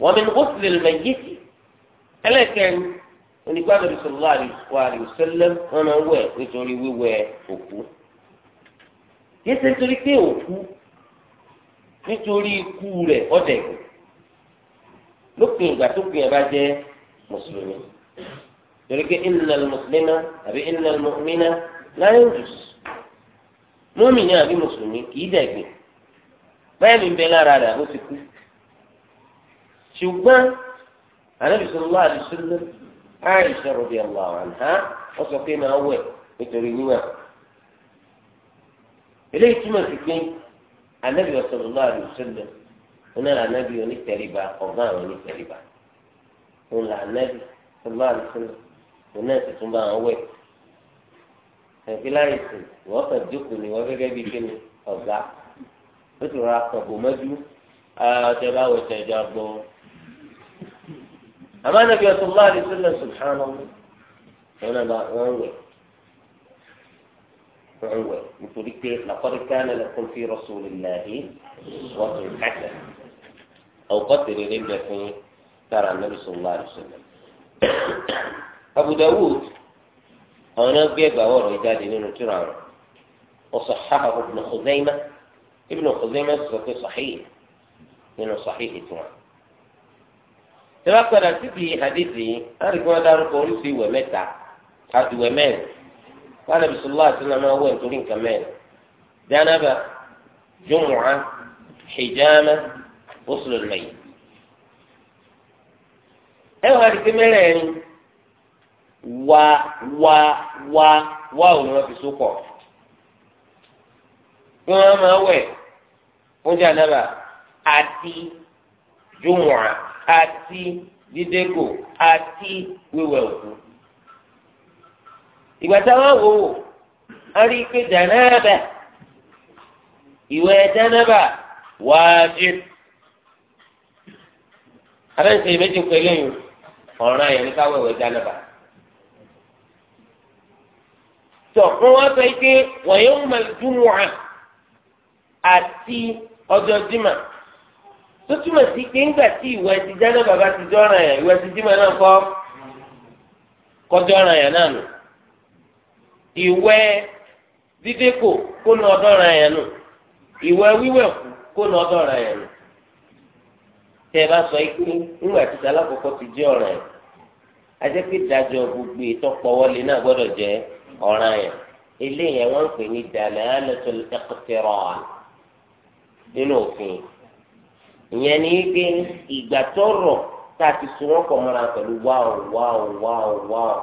wọ́n mi ní kó sì lè mẹ́yìtì ẹlẹ́kẹ̀ẹ́ni onígbàdàn bisalòlá àlùwàlù sẹ́lẹ̀ wọn máa ń wẹ̀ nítorí wíwẹ̀ òkú. yẹ́sẹ̀ nítorí pé òkú nítorí ikú rẹ̀ ọ̀dẹ̀ lópin ìgbà tó pin ẹ̀ bá jẹ́ mùsùlùmí torí pé innal muslima àbí innal mu'mina la yunjus mọ́mìnì àbí mùsùlùmí kì í dẹ̀gbìn báyìí mi ń bẹ lára rẹ̀ ó ti kú ṣùgbọ́n Ànábì sallallahu alaihi wasallam Aisha radiyallahu anha wọ́n sọ pé máa wẹ̀ nítorí wíwẹ̀ eléyìí túmọ̀ sí pé anabi sallallahu alaihi wasallam ọ̀nà là anabi onítẹ̀ríba ọ̀gá àwọn onítẹ̀ríba ọ̀nà là anabi sallallahu alaihi wasallam ọ̀nà tuntun bá wọn wẹ̀ ẹ̀fíláyì sìn wọ́n kàn jókòó ni wọ́n gẹ́gẹ́ bí kíni ọ̀gá ó sì rọra kàn bò mọ́jú ọ̀tẹ̀ bá wọ̀ ṣẹ̀jọ gbọ́ àmọ́ anabi sallallahu alaihi wasallam subhanahu wọn wẹ̀. فعوة مثلك لقد كان لكم في رسول الله وفي الحسن أو في رمجة ترى النبي صلى الله عليه وسلم أبو داود أنا بيبا ورد جادي من الترعون وصححه ابن خزيمة ابن خزيمة سوكي صحيح من صحيح ترعون تبقى لأسفه حديثي أرقونا دارك ورسي ومتع أرقونا دارك ورسي wọn àbí sọlá àti náà máa wẹ̀ nítorí nǹkan mẹ́rin jánaba jùmùá hijama oṣù lẹ́yìn. ẹ wá di pé mẹ́rẹ̀ẹ̀rin wá wá wá wá òun wọn fi sókọ̀ kí wọ́n máa wẹ̀ fún jánaba àti jùmùá àti dídégò àti wíwẹ̀ òkú ìgbà tá a wá wò wò a rí i pé jànáàbà ìwẹ̀ jànáàbà wájib abẹ́sẹ̀ méjì pẹ̀lú yìí ọ̀ràn yẹn ní ká wẹ̀wẹ̀ jànáàbà. tọ̀ wọ́n wá sọ pé wọ́n yóò mọ ìdúmọ̀ọ́ àti ọjọ́ jimá tó túmọ̀ sí pé ńgbà tí ìwẹ̀ ti jànáàbà bá ti jọ́ yẹn ìwẹ̀ ti jimá náà kọ́ kọjọ́ ọ̀ràn yẹn náà nù. ìwẹ̀ dídé kò kó nu ọdọọrọ yẹn nù ìwẹ̀ wíwẹ̀ kù kó nu ọdọọrọ yẹn nù tẹ ẹ bá sọ ikú ńgbà tí sálá kọkọ ti jẹ ọ̀ràn yẹn ajẹ pé ìdájọ́ gbogbo ìtọpọwọlé náà gbọ́dọ̀ jẹ ọ̀ràn yẹn eléyẹn wọn pè ní dalẹ alẹtọ ẹkọtẹrọ nínú òfin ìyẹn ní pé ìgbà tá a ti so wọn kọ mọ́ra wáò wáò wáò wáò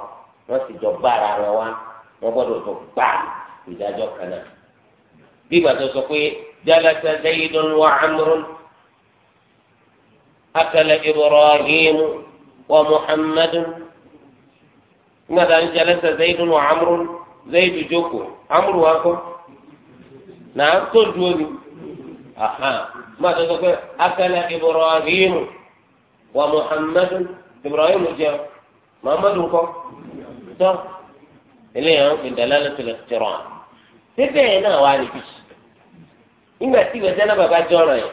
wọn sì wọ́n gbọ́dọ̀ tó gbà ìdájọ́ kan náà bí ìgbà tó sọ pé jalasa Zaydun wa Amrun akala Ibrahim wa Muhammadun nígbà tá à ń jalasa Zaydun wa Amrun Zaydu jókòó Amru wa kọ́ nà á tó ni má tó sọ pé akala Ibrahim wa Muhammadun Ibrahim jẹ Muhammadun kọ́ tán eléyìí wọn fi dàlá lọ tẹ́lẹ̀ tẹrọ hàn síbẹ̀ yẹn náà wà níbí nígbà tí ìwé sẹ́nà bàbá jọ̀rọ̀ yẹn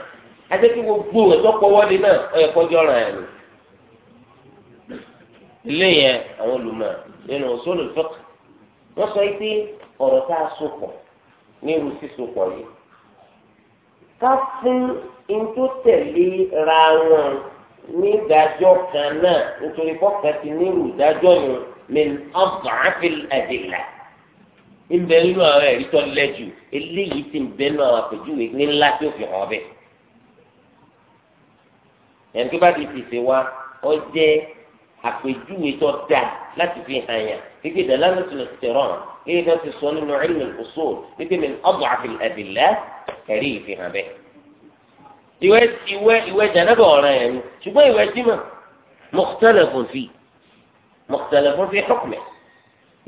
àti tí gbogbo ẹ̀tọ́ pọ̀wọ́lé náà ọ̀yẹ̀ kọ́ jọ̀rọ̀ yẹn ni eléyìí yẹn àwọn olùmọ̀ nínú sólù fọ́k wọ́n sọ pé ọ̀rọ̀ tá a sopọ̀ ní irú sísopọ̀ yìí ká fún ntó tẹ̀lé ra wọn ní ìdájọ́ kan náà nítorí fọ́kàn ti ní irú ìdájọ́ min afrafil adila nbẹ nínú àwọn ẹ̀rí tó lẹ́jù eléyìí ti bẹ nínú àwọn àpèjúwe ní ńlá tó fi hàn ọbẹ yẹn tó bá ti fèsì wa ó jẹ àpèjúwe tó da láti fi hàn yàn gbígbé dàlá ló ti lọ sí tẹrọ gbígbé tó ti sọ nínú ilmu usul gbígbé min afrafil adila ẹ̀rí yìí hàn bẹ ìwé ìwé ìwé jàǹdàbọ̀ ọ̀ràn yẹn ni ṣùgbọ́n mukhtalafun fi hukmi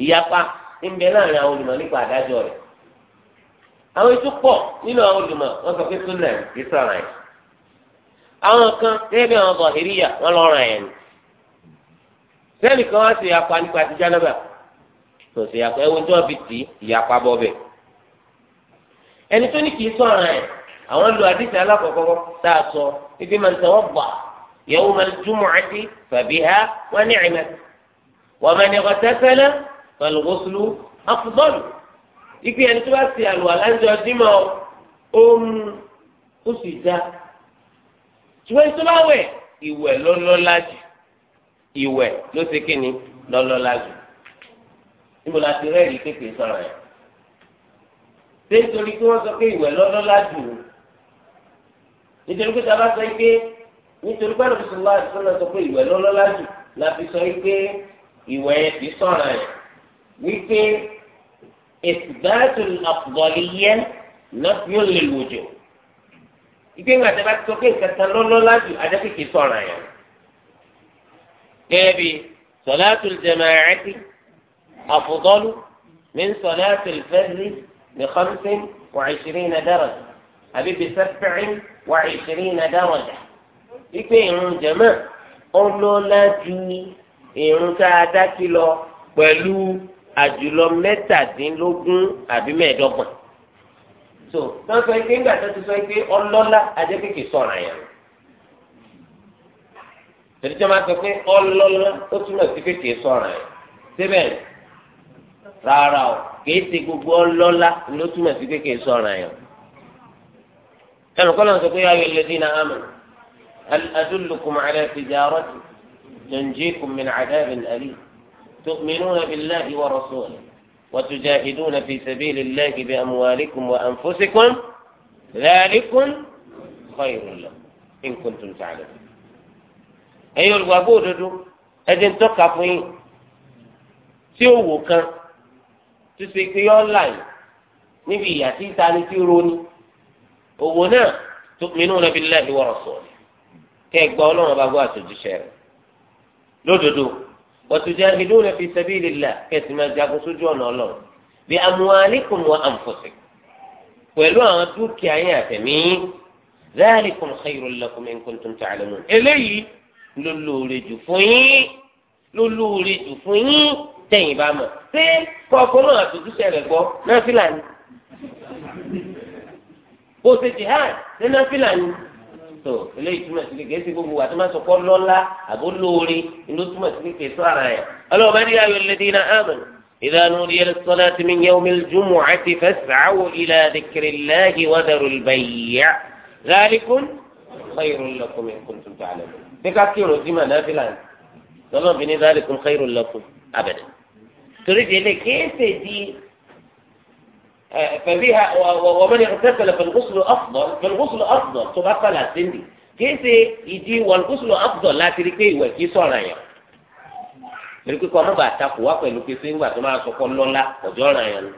ìyapa ń bẹ láàrin àwọn olùmọ̀ nípa àdájọ́ rẹ̀ àwọn ètò pọ̀ nínú àwọn olùmọ̀ wọ́n sọ pé súnà kì í sọ̀rọ̀ yẹn àwọn kan gẹ́gẹ́ bí àwọn zahiriya wọ́n lọ ràn yẹn ni sẹ́ẹ̀lì kan wá sí ìyapa nípa ti jánábà tó sì yàpá ẹ̀wọ̀n tí wọ́n fi tì ìyapa bọ́ bẹ̀ ẹni tó ní kì í sọ̀rọ̀ yẹn àwọn lu àdìsí alákọ̀ọ́kọ́ tá a sọ ومن اغتسل فالغسل أفضل ikú ẹni tó bá ṣe àlùwàlá ń jọ dímọ̀ ohun ó sì dá ṣùgbọ́n tó bá wẹ̀ ìwẹ̀ ló lọ́lá jù ìwẹ̀ ló ṣe kíni lọ́lọ́lá jù níbo la ti rẹ́ẹ̀rí kékeré sọ̀rọ̀ yẹn ṣé nítorí kí wọ́n sọ pé ìwẹ̀ lọ́lọ́lá jù nítorí pé tá sọ pé nítorí pé àlùfáà sọ̀rọ̀ sọ pé ìwẹ̀ lọ́lọ́lá jù la fi sọ pé ìwẹ̀ yẹn ti sọ̀rọ̀ yẹn wípé ìsìgbàtò àfùgọ́lìyẹ lọ́sùn yóò lè wòjò ìgbé ńgbà tẹ́lá tó ké kẹta lọ́lọ́lá jù adẹ́kẹ̀kẹ́ sọ̀rọ̀ yẹn. gẹ́gẹ́ bí sọ̀láàtù jẹ̀mẹ̀rẹ́tì àfùgọ́lù min sọ̀láàtù fẹ́lí ní khamsin wà ìṣirin na daraja àbí bí sẹ́fẹ̀rin wà ìṣirin na daraja. ìgbé ìrun jẹ̀mẹ̀ ọlọ́lá jù ní. irun tá a dá sí lọ pẹ̀lú àjùlọ mẹ́tàdínlógún àbí mẹ́ẹ̀ẹ́dọ́gbọ̀n. so wọ́n sọ pé ńgbà tó ti sọ pé ọlọ́lá ajẹ́kèké sọ̀rọ̀ yẹn. sọ pé ọlọ́lá ó sí kéèké yẹn. síbẹ̀ rárá o kìí ṣe gbogbo ọlọ́lá ló túmọ̀ sí yẹn. ń sọ pé ayọ̀ ينجيكم من عذاب أليم تؤمنون بالله ورسوله وتجاهدون في سبيل الله بأموالكم وأنفسكم ذلكم خير لكم إن كنتم تعلمون أيها الوابود أجن تقفين سيوو كان تسيكي أونلاين níbi ìyà tí tani tí roni òwò náà tu'minuna billahi wa rasulihi lódodo watujahiduna fi sabilillah kẹsì máa jagun sójú ọ̀nà ọlọ́run bi amwalikum wa anfusikum pẹ̀lú àwọn dúkìá yẹn àtẹ̀mí dhalikum khayrun lakum in kuntum ta'lamun eléyìí ló lóore jù fún yín ló lóore jù fún yín tẹ̀yìn bá mọ̀ ṣé kọ́kọ́ náà àtúntúnṣe rẹ̀ gbọ́ náà fìlà ni bó ṣe jihad ṣe náà fìlà ni tó eléyìí túmọ̀ sí kékeré sí gbogbo àti má sọ kọ́ lọ́lá àbó lóore inú túmọ̀ sí kékeré sọ ara yẹn. ọlọ́ọ̀bá ní ayọ̀ lẹ́dí iná ámì ìdánù yẹn sọ́lá ti mi yẹ́wọ́ mi jùmọ̀ àti fẹsàáwò ilà dìkìrì láàyè wàdàrú bàyà láàrínkún báyìí lọ́kùn mi kún tó tó àlẹ́ mi. bí ká kírun sí màá náà fi lànà ní láàrínkún báyìí lọ́kùn abẹ́rẹ́ torí فبها ومن اغتسل فالغسل أفضل فالغسل أفضل تبقى لا سندي كيف يجي والغسل أفضل لا تركي وكي صنع torí pé kọ́ ọmọ bá takò wá pẹ̀lú pé fún ìgbà tó máa sọ kọ́ lọ́la ọ̀jọ́ ọ̀ràn yẹn lọ.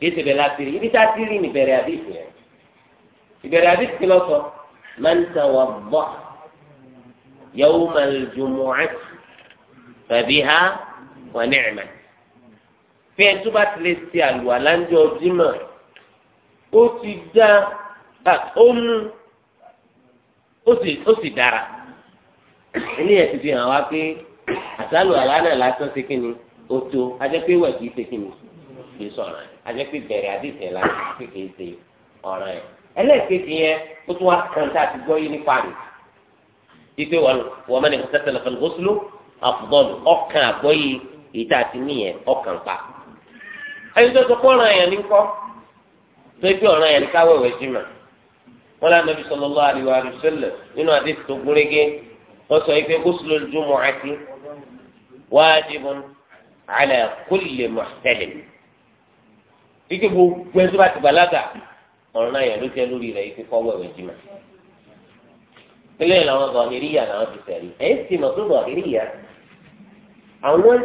Yéésì bẹ̀rẹ̀ láti rí ibi tá a ti rí ní ìbẹ̀rẹ̀ àdìsí yẹn. ìbẹ̀rẹ̀ àdìsí kí lọ sọ máa ń tàn wá bọ́ yawmal jumu'ati fabiha wa ni'ma fi ẹni tó bá ti lè ṣe àlùwàlá ńjọ́ Jímọ̀ ó ti dá ó mú ó sì ó sì dára ilé yẹn ti fi hàn wá pé àtàlù àlànà lásán ṣe kí ni ó tó ajẹ́pé wẹ̀ kì í ṣe kí ni kì í sọ̀rọ̀ ajẹ́pé bẹ̀rẹ̀ àdìsẹ̀ lásán kì í ṣe ọ̀ràn yẹn ẹlẹ́ẹ̀kejì yẹn ó tún wá kàn tá a ti gbọ́ yìí nípa rẹ̀ ipe wọ́n mẹ́rin kò sẹ́sẹ̀ lọ́fẹ̀ẹ́ lọ́sùlù àfùbọ́ọ̀lù ọ̀kan àgbọ́yé èyí tá a ti níyẹn ọ̀kan pa. ẹni tó sọ ọ̀ràn yẹn ní kọ́ tó ọ̀ràn yẹn ní káwéwé jìmà wọn lé anabi sallallahu alaihi wa sallam nínú àdé tó wọn sọ yìí pé ghuslul jumu'ati ala kulli muhtalim ike gbogbo ẹni tó bá ti bàlágà ọ̀ràn yẹn ló lórí jìmà làwọn làwọn ti tẹ̀lé ẹ̀yìn sì mọ̀ tó àwọn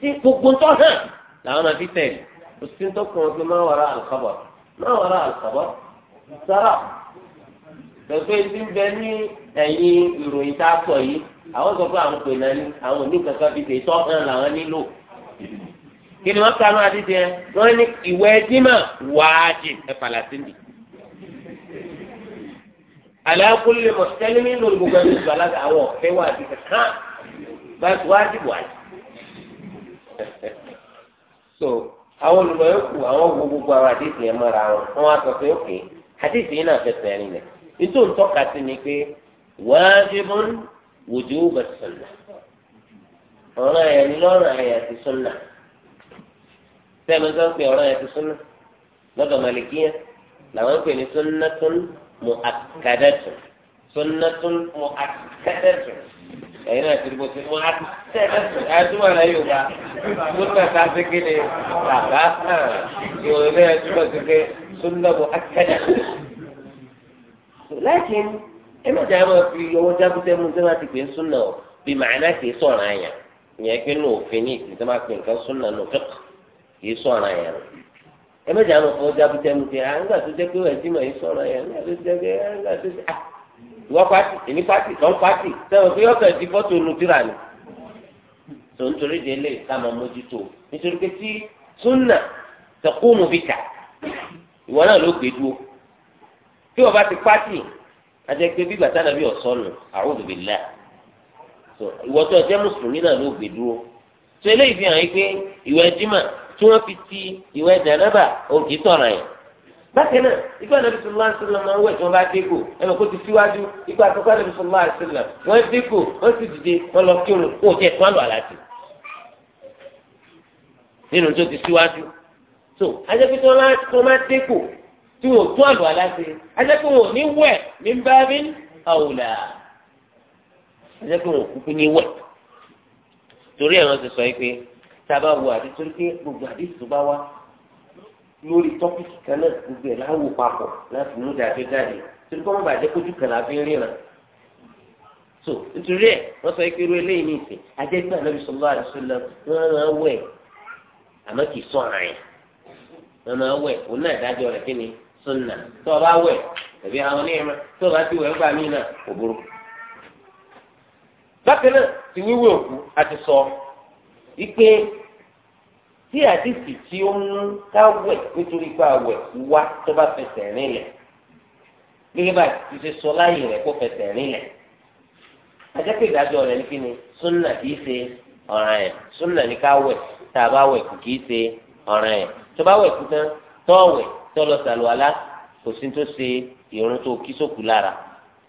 tí wọ́n làwọn máa fi tẹ̀lé òsín tó kàn fún máa wàrà àlùkọ́bọ̀ máa wàrà àlùkọ́bọ̀ sára pẹ̀pẹ́ ti bẹ ní ẹ̀yìn ìròyìn tá a pọ̀ yìí àwọn sọ pé àwọn pè náà ní àwọn oníkankan fi tètè tọ́kàn làwọn nílò kí ni wọ́n ka máa dídì ẹ wọ́n ní ìwẹ̀ dímà wáàjì ẹ pàlàtìmì alákùnrin mọ̀tẹ́lẹ́ mi lórí gbogbo ẹni ìgbà láti àwọn ọ̀fẹ́ wáàjì kankan bá wáàjì wáàjì so àwọn olùmọ̀ yòókù àwọn wo gbogbo àwọn àdéhùn yẹn mọ́ra wọn wọ́n á sọ pé ok àdéhùn yìí náà fẹsẹ̀ rìn lẹ̀ ètò ìtọ́ka sí ni pé wájibun wujuba sunnah ọ̀ràn ẹ̀yà ni lọ́rùn ẹ̀yà ti sunnah sẹ́mi sọ pé ọ̀ràn ẹ̀yà ti sunnah lọ́dọ̀ màlìkíyà làwọn ń pè ní sunnatun mu'akkadatun sunnatun mu'akkadatun ẹ̀yin náà ti di bóse mo á tẹ ẹdúmọ̀ rẹ yóò bá súnà tá a ti kéde bàbá hàn yóò lé ẹdúmọ̀ ti ké súnà bò akẹ́dà. láti ẹ má jẹ́ àwọn fi owó jábútẹ́ mu tí wọ́n ti pè é súnà o bí màánà kì í sọ̀rọ̀ àyàn ìyẹn pé nù òfin ní ìsìn tí wọ́n pè nǹkan súnà nù fẹ́ kì í sọ̀rọ̀ àyàn ẹ má jẹ́ àwọn fọwọ́ jábútẹ́ mu tí wọ́n á ń gbà tó jẹ́ pé wọ́n ẹ̀ ìwọ pati èmi pati tọ́ pati sẹ́wọ̀n pé ọ̀sẹ̀ ti fọ́tò olùdíra ni tó ń torí de lè ká máa mójútó nítorí pé tí súnà tẹkùnù bìtà ìwọ náà ló gbé dúró tí wọn bá ti pati àti pé bí gbàtà nàbí ọ̀sọ́nù a'udhu billah ìwọ tó ọjọ́ mùsùlùmí náà ló gbé dúró tó eléyìí fi hàn yín pé ìwẹ̀ jimá tí wọ́n fi ti ìwẹ̀ jànábà òkè bákan náà ikú anabi sọlá ṣẹlẹ̀ máa ń wẹ̀ tí wọ́n bá dégò ẹnì kó ti síwájú ikú àtọ́kọ́ anabi sọlá ṣẹlẹ̀ wọ́n dégò wọ́n sì dìde wọ́n lọ kírun kó o jẹ́ tí wọ́n lọ àlàjì nínú tó ti síwájú tó ajẹ́pẹ́ tí wọ́n máa dégò tí wọ́n tún àlọ́ àlàjì ajẹ́pẹ́ wọn ò ní wẹ̀ ní bábí àwùlà ajẹ́pẹ́ wọn kúkú ní wẹ̀ torí ẹ̀ wọ́n ti sọ yìí pé tá a bá pé gbogbo àdìsó bá wá lórí tọ́pìkì kan náà gbogbo ẹ̀ láwò papọ̀ láti mú ìdájọ́ jáde torí kọ́ mọ́ bàjẹ́ kójú kan láfi ń ríran so nítorí ẹ̀ wọ́n sọ pé irú eléyìí ní ìsìn ajẹ́gbẹ́ ànábi sallallahu alaihi wasallam wọ́n máa wẹ̀ àmọ́ kì í sọ àyàn wọ́n máa wẹ̀ òun náà dájọ́ rẹ̀ kí ni sunna tó o bá wẹ̀ tàbí àwọn onírin tó o bá ti wẹ̀ gbà mí náà kò burú. bákan náà ti wíwẹ̀ òkú àti sọ tí àdìsí tí ó mú káwẹ̀ nítorí pé àwẹ̀ wá tó bá fẹsẹ̀ rinlẹ̀ gẹ́gẹ́ bá ti ṣe sọ láàyè rẹ̀ kó fẹsẹ̀ rinlẹ̀ ajẹ́pẹ́ ìdájọ́ rẹ̀ ní kíni súnà kìí ṣe ọ̀ràn yẹn súnà ní káwẹ̀ tá a bá wẹ̀ kù kìí ṣe ọ̀ràn yẹn tó bá wẹ̀ kú tán tọ́ọ̀wẹ̀ tọ́lọ sàlùwàlá kò sí tó ṣe ìrun tó kí sókù lára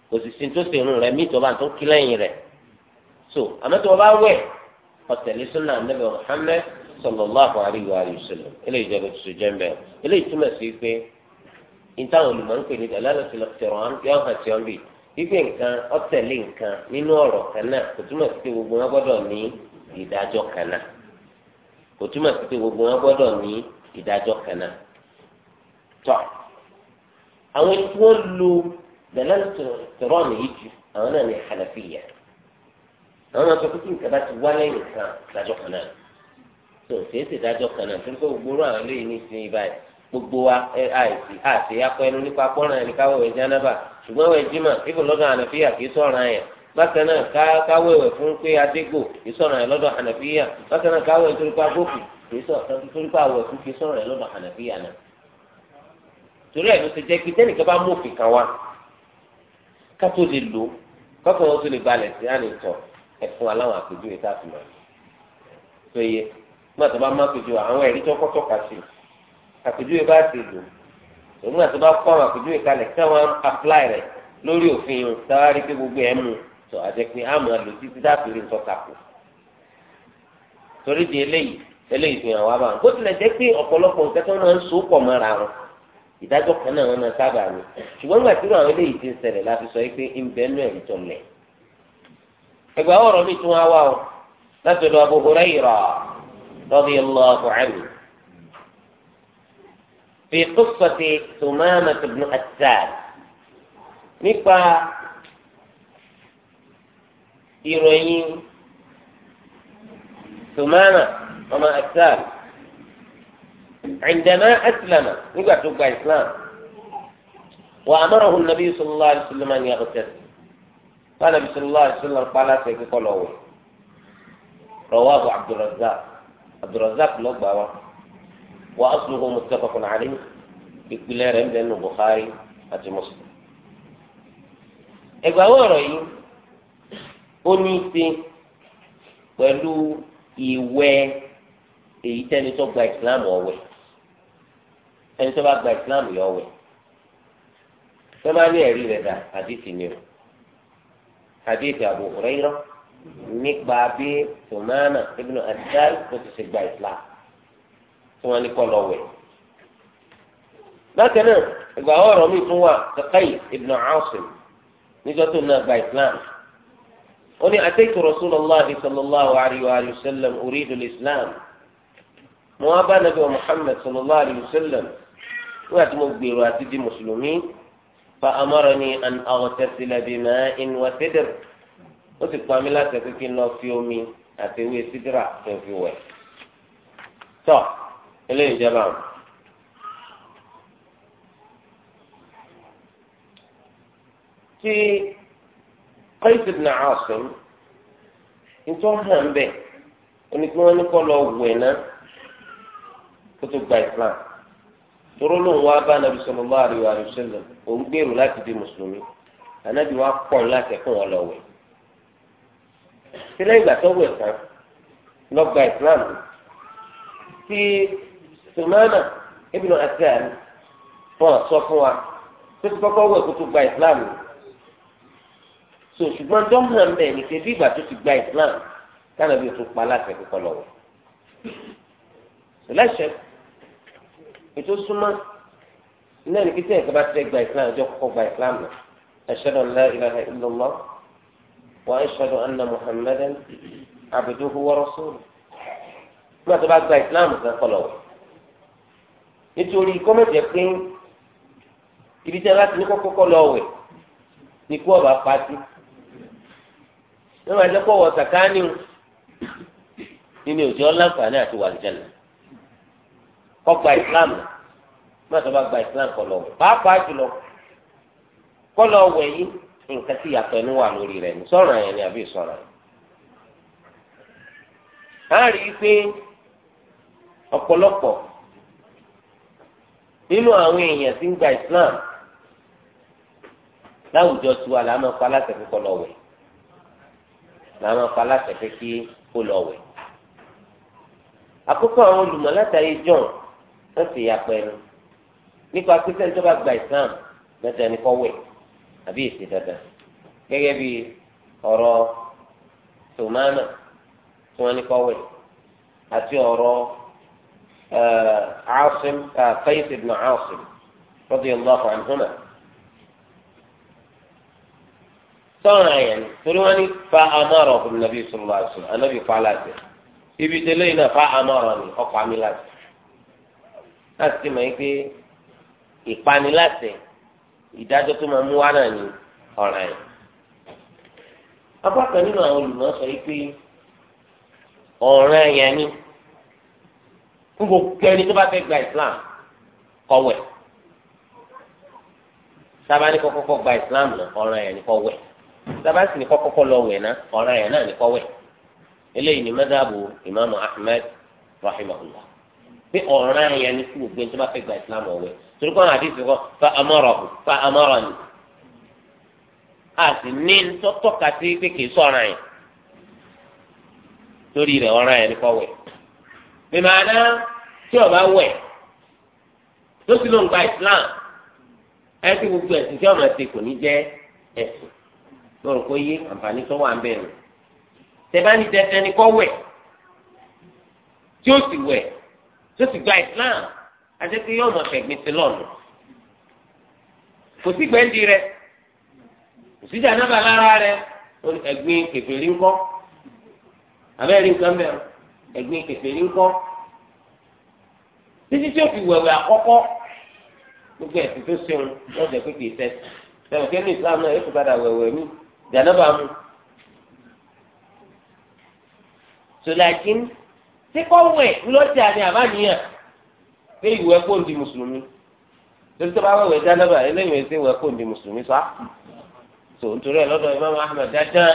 kò sì sí tó ṣe ìrun rẹ̀ mí ìtọ́ba tó kí lẹ́yìn rẹ̀ so àmọ́ tó o bá wẹ̀ ọ̀tẹ̀lẹ́sọ́nà Ànábì Muhammad sallallahu alaihi wa sallam eléyìí jẹ́ bó ti so jẹ́ mbẹ́ eléyìí túmọ̀ sí pé ìtàn olùmọ̀ǹkè ní dalalatul iqtiran yóò hàn sí ọ́nbì wípé nǹkan ọ̀tẹ̀lé nǹkan nínú ọ̀rọ̀ kan náà kò túmọ̀ sí pé gbogbo wọn gbọ́dọ̀ ní ìdájọ́ kan náà kò túmọ̀ sí pé gbogbo wọn gbọ́dọ̀ ní ìdájọ́ kan náà tọ́ àwọn tí wọ́n lo dalalatul iqtiran àwọn náà ní hànàfíyà àwọn náà sọ pé kí nǹkan bá ti wá lẹ́yìn kan ìdájọ́ kan tó o ṣeé ṣèdájọ́ kan náà tó ń kó gbogbo àwọn ní báyìí gbogbo wa àìsí àti akọ nípa pọ́nrán ẹni káwọ́ ẹ̀ jánábà ṣùgbọ́n ẹ̀ jimá ibò lọ́dọ̀ ànàfíà kì í sọ̀ràn yẹn bákan náà káwọ́ ẹ̀ fún pé adégò kì í sọ̀ràn yẹn lọ́dọ̀ ànàfíà bákan náà káwọ́ ẹ̀ torípa gbòkù torípa àwọ̀ kì í torí ẹ̀ ló ti jẹ́ pé tẹ́nìkan bá mú òfin kan wá ká tó a nígbà tó bá má pèjú àwọn ẹ̀rí tó kọ́tọ̀ kà sí àpèjúwe bá ti dùn nígbà tó bá kọ́ àwọn àpèjúwe kalẹ̀ kí wọ́n apply rẹ̀ lórí òfin sáwárí pé gbogbo ẹ̀ mú tó àjẹpín àmọ́ lò títí dáàbòrò nǹkan kàkó torí di eléyìí eléyìí fi hàn wá báwọn bó tilẹ̀ jẹ́ pé ọ̀pọ̀lọpọ̀ nǹkan tó máa ń so pọ̀ mọ́ra wọn ìdájọ́ kan náà wọn máa sábà ní ṣùgbọ́n nígbà tí àwọn eléyìí ti ń ṣẹlẹ̀ láti sọ pé ń bẹ nú ẹ̀rí tó lẹ̀ ẹgbẹ́ ọ̀rọ̀ mi tún wá wá o láti lọ Abu Hurairah رضي الله عنه في قصة ثمامة بن أسال نفا إيروين ثمامة وما أسال عندما أسلم نقع توقع إسلام وأمره النبي صلى الله عليه وسلم أن يغتسل قال النبي صلى الله عليه وسلم قال سيكون رواه عبد الرزاق abdulrazak lọ́gbà wa wa asluhu muttafaqun alayhi ìpìlẹ̀ rẹ̀ ń bẹ nù bukhari àti muslim. ẹgbàá ọ̀rọ̀ yìí ó ní í ṣe pẹ̀lú ìwẹ̀ èyí tẹ́ni tó gba ìsìlámù ọ̀wẹ̀ ẹni tó bá gba ìsìlámù yọ ọ̀wẹ̀ fẹ́ máa ní ẹ̀rí rẹ̀ dà àdìsí ni o àdìsí Abu Hurairah nípa bí Sùmánà ibùdó àdìsáì tó ti ṣe gba ìsìlá tí wọ́n ní kọ́ lọ wẹ̀. bákan náà ìgbà ọ̀rọ̀ mi tún wà kàkàyè ibùdó Asim níjọ́ tó náà gba ìsìlám. ó ní ataytu Rasulullahi sallallahu alayhi wa sallam uridu al-islam. mo wá bá nàbẹ̀ Muhammad sallallahu alayhi wa sallam nígbà tí mo gbèrò àti di mùsùlùmí fa amarani an aghtasila bima'in wa sidr ó sì pa mí láti ẹ̀kọ́ kí n lọ fi omi àti ewé sídírà tó fi wẹ̀ tọ́ eléyìí jẹba o. tí Qais ibn Asim nítorí wọn hàn bẹ́ẹ̀ onípẹ́ wọn ní kọ́ lọ wẹ̀ náà kó tó gba Islam toro lóun wá bá anabi sallallahu alaihi wa sallam òun gbèrò láti di mùsùlùmí anabi wa kọ̀ láti ẹ̀kọ́ wọn lọ wẹ̀ ṣe lẹ́yìn ìgbà tó wẹ̀ tán lọ́gbà islam tí sùmánà ibùdó àti àmì fún ọ̀sọ́ fún wa tó ti kọ́kọ́ wẹ̀ kó tó gba islam so ṣùgbọ́n dọ́mìnà ń bẹ̀ ní ṣe bí ìgbà tó ti gba islam kánà bí o tó pa aláṣẹ kíkọ lọ́wọ́ lẹ́sẹ̀ ètò súnmọ́ náà ní kí sẹ́yìn kí bá ti gba islam ọjọ́ kọ́kọ́ gba islam náà ashhadu an la ilaha وأشهد أن محمدا عبده ورسوله ما تبعت إسلام كفلو nítorí kọ́mẹ̀tì pé ibi tí a bá ti ní kọ́kọ́kọ́ lọ wẹ̀ ní kú ọba pati níwọ̀n ẹ̀jẹ̀ kọ́ wọ sàkáání nínú òjò ọlọ́nfààní àti wàlìjẹ́nà kọ́ gba ìsìlámù má tó bá gba ìsìlámù kọ́ lọ wẹ̀ pàápàá jùlọ kọ́ lọ wẹ̀ yìí nǹkan tí ìyàtọ̀ ẹnu wà lórí rẹ̀ ní sọ̀rọ̀ yẹn ni àbí sọ̀rọ̀ yẹn. a rí i pé ọ̀pọ̀lọpọ̀ nínú àwọn èèyàn tí ń gba Islam láwùjọ tu wa làwọn ọkọ aláṣẹ fi kọ lọ wẹ̀ làwọn ọkọ aláṣẹ fi kí kó lọ wẹ̀. àkókò àwọn olùmọ̀ látàrí John wọ́n sì yà pẹ̀lú nípa pípẹ́ ní gba Islam lọ́sẹ̀ ní kọ́ wẹ̀ àbí èsì dandan gẹ́gẹ́ bí ọ̀rọ̀ tòmánà tí wọ́n ní kọ́wé àti ọ̀rọ̀ عاصم قيس بن عاصم رضي الله عنهما sọ́ọ̀rọ̀ àyàn torí wọ́n ní fa amọ̀rọ̀ ọ̀hún nàbí sọ̀rọ̀ àṣọ ànábì fa aláṣẹ ibi tẹ́lẹ̀ yìí náà fa amọ̀rọ̀ ni ọkọ̀ àmì láti ti mọ̀ yín pé ìpaniláṣẹ ìdájọ́ tó máa mú wá náà ní ọ̀ràn yẹn. apá kan nínú àwọn olùmọ̀ yìí pé ọ̀ràn yẹn ni n kò kẹ́ni tó bá fẹ́ gba Islam kọ̀wẹ̀ sábà ní kọ́kọ́kọ́ gba Islam náà ọ̀ràn yẹn ni kọ̀wẹ̀ sábà sì ní kọ́kọ́kọ́ lọ wẹ̀ náà ọ̀ràn yẹn náà ni kọ̀wẹ̀ eléyìí ni mẹ́dàbù ìmáàmù Ahmed rahimahullah pé ọ̀ràn yẹn ni kí gbogbo ẹni tó bá fẹ́ gba Islam ọ̀wẹ̀ torúkọ náà àdìsí kọ fa amọrọkù fa amọrọni a sì ní tọ́tọ́ka sí pé kì í sọ̀ràn yẹn torí rẹ̀ ọ̀ràn yẹn kọ́ wẹ̀ mímọ àná tí ọba wẹ̀ tó sì ló ń gba Islam ẹ ti gbogbo ẹ̀sìn tí ọmọ ẹ̀sìn kò ní jẹ́ ẹ̀sìn lọ́rọ̀ kó yé àǹfààní tó wà ń bẹ̀rù tẹ̀bánì tẹ̀ ẹni kọ́ wẹ̀ tí ó sì wẹ̀ tó sì gba Islam àti pé yóò mọ̀ fẹ̀gbìn sí lọ́nù kò sí gbẹ̀ǹdì rẹ kò sí jàǹdàbà lára rẹ ẹ̀gbin kèfèrí ńkọ́ abẹ́rẹ́ nǹkan bẹ́ẹ̀ ẹ̀gbin kèfèrí ńkọ́ títí tí ó fi wẹ̀wẹ̀ àkọ́kọ́ gbogbo ẹ̀sìn tó ṣeun wọ́n jẹ́ pé kìí sẹ́sì bẹ́ẹ̀ kí ní Islam náà yóò padà wẹ̀wẹ̀ mí jàǹdàbà mu. sọláàkín tí kò wẹ̀ lọ́jà ni àbá pé ìwẹ̀ kò ń di mùsùlùmí lórí tó bá wẹ̀wẹ̀ jánábà eléyìí ẹ̀sìn ìwẹ̀ kò ń di mùsùlùmí sá tó nítorí ẹ̀ lọ́dọ̀ Imam Ahmed dáadáa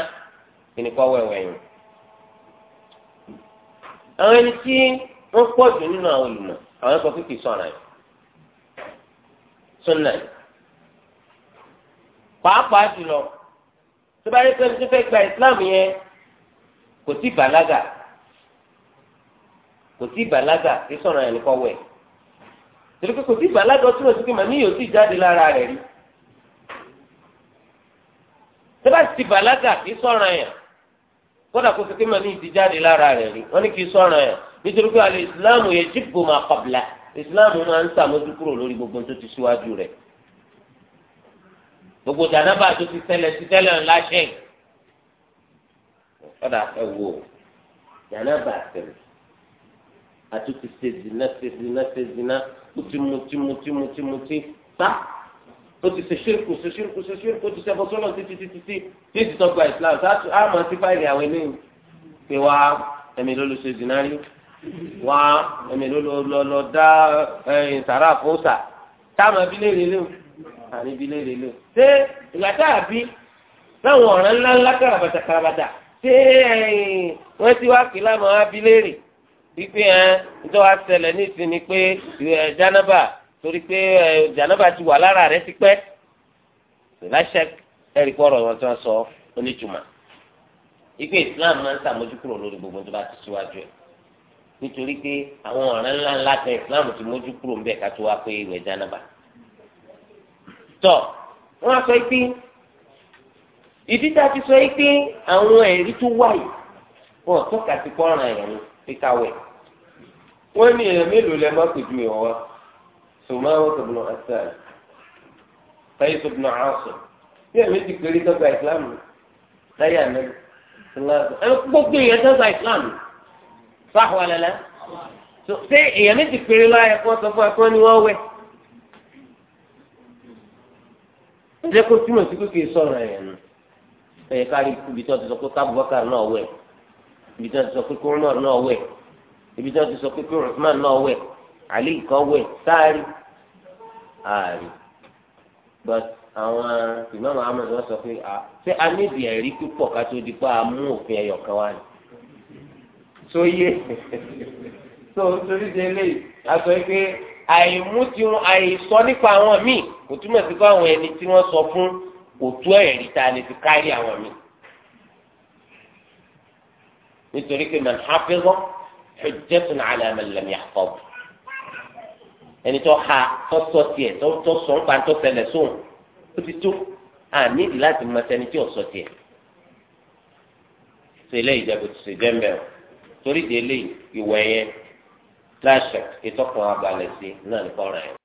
kí ni kọ́ wẹ̀wẹ̀ yìí. àwọn ẹni tí wọ́n pọ̀ jù nínú àwọn olùmọ̀ àwọn ẹ̀kọ́ fífi sọ̀rọ̀ yìí sunna yìí pàápàá jùlọ tó bá yẹ pé tó fẹ́ gba Islam yẹn kò sí bàlágà kò sí bàlágà kí sọ̀rọ̀ yẹn ni kọ́ wẹ̀ torí pé kò sí ìgbàlagbọ́ tí wọ́n ti gbìmọ̀ ní yòó sì jáde lára rẹ̀ rí tẹ́lá ti bàlágà kì í sọ̀ràn yẹn kódà kó fi kéma ní ìdíjáde lára rẹ̀ rí wọ́n ní kì í sọ̀ràn yẹn nítorí pé àlè ìsìláàmù yẹn jíìpù máa kọ̀bìlà ìsìláàmù máa ń sàmójú kúrò lórí gbogbo tó ti síwájú rẹ̀ gbogbo jàǹdàbà tó ti tẹ́lẹ̀ ti tẹ́lẹ̀ ńlá ṣẹ́yìn kódà ẹ ó ti mutí mutí mutí mutí tá ó ti ṣe ṣírkù ṣe ṣírkù ṣe ṣírkù ó ti ṣẹbọ sọlọ títí títí tí ní ìtọ́gba islam sáàtú àmọ́ sí fáìlì àwọn eléyìí pé wá ẹ̀mí ló ló ṣe zinari wá ẹ̀mí ló lọ lọ dá ẹ̀yìn sàrà fún sà táwọn abilé rè lé o àní abilé rè lé o ṣé ìgbà tá a bí láwọn ọ̀ràn ńláńlá kàràbàtà ṣé ẹ̀yìn wọ́n ti wá kí láwọn abilé rè wípé ẹ ǹjọ́ wa ṣẹlẹ̀ ní ìsinmi pé ẹ jánábà torí pé ẹ jánábà ti wà lára rẹ tipẹ́ láṣẹ ẹ̀rí pọ̀rọ̀ wọn tí wọ́n sọ oníjùmọ̀ wípé Islam máa ń sàmójúkúrò lórí gbogbo tó bá ti síwájú ẹ̀ nítorí pé àwọn ọ̀ràn ńlá ńlá kan Islam ti mójú kúrò ńbẹ̀ ká tó wá pé ìwẹ̀ jánábà tọ̀ wọ́n á sọ pé ìdí tá a ti sọ pé àwọn ẹ̀rí tó wáyé wọn ò tọ́ka sí pọ́nrán ẹ̀rọ ní píkàwẹ̀ wọ́n ní èèyàn mélòó lẹ́ má pèjú ìwọ̀n wa sùmáwọ́ tòbùnà àtàlì táyé tòbùnà àásùn bí èèyàn méjì péré tọ́gbà ìsìlámù láyé ànábì ìsìlámù ẹ gbogbo èèyàn tọ́gbà ìsìlámù fáwọn àlàlá ṣé èèyàn méjì péré láyé kó sọ fún akọ́ ni wọ́n wẹ̀ ǹjẹ́ kó túmọ̀ sí pé kì sọ̀rọ̀ ẹ̀yàn nù ẹ̀yẹ kárí ibi tí wọ́n ti sọ pé kábùbọ́kà náà wẹ̀ ibi tí wọ́n ti sọ pé kó ibi tí wọ́n ti sọ pé pé Usman náà wẹ̀ Ali kan wẹ̀ sáárì ààrì but àwọn Imam Ahmed wọ́n sọ pé ṣé a níbi ẹ̀rí púpọ̀ ká tó di pa á mú òfin ẹyọ kan wá ni tó yé tó torí de lè aṣọ pé àìmú tí wọn àìsọ nípa àwọn míì kò túmọ̀ sí pé àwọn ẹni tí wọ́n sọ fún kò tó ẹ̀rí tá a lè fi kárí àwọn míì nítorí pé man hafiza hujjatun ala man lam yahfaz ẹni tó ha tó sọ tiẹ̀ tó sọ nípa tó ṣẹlẹ̀ sóun ó ti tó àníìdí láti mọ sẹni tí ò sọ tiẹ̀ ṣe eléyìí jẹ́ ti ṣe jẹ́mbẹ́ o torí di eléyìí ìwẹ̀ yẹn láṣẹ ìtọ́kùn abalẹ̀ sí náà nìkan rẹ̀.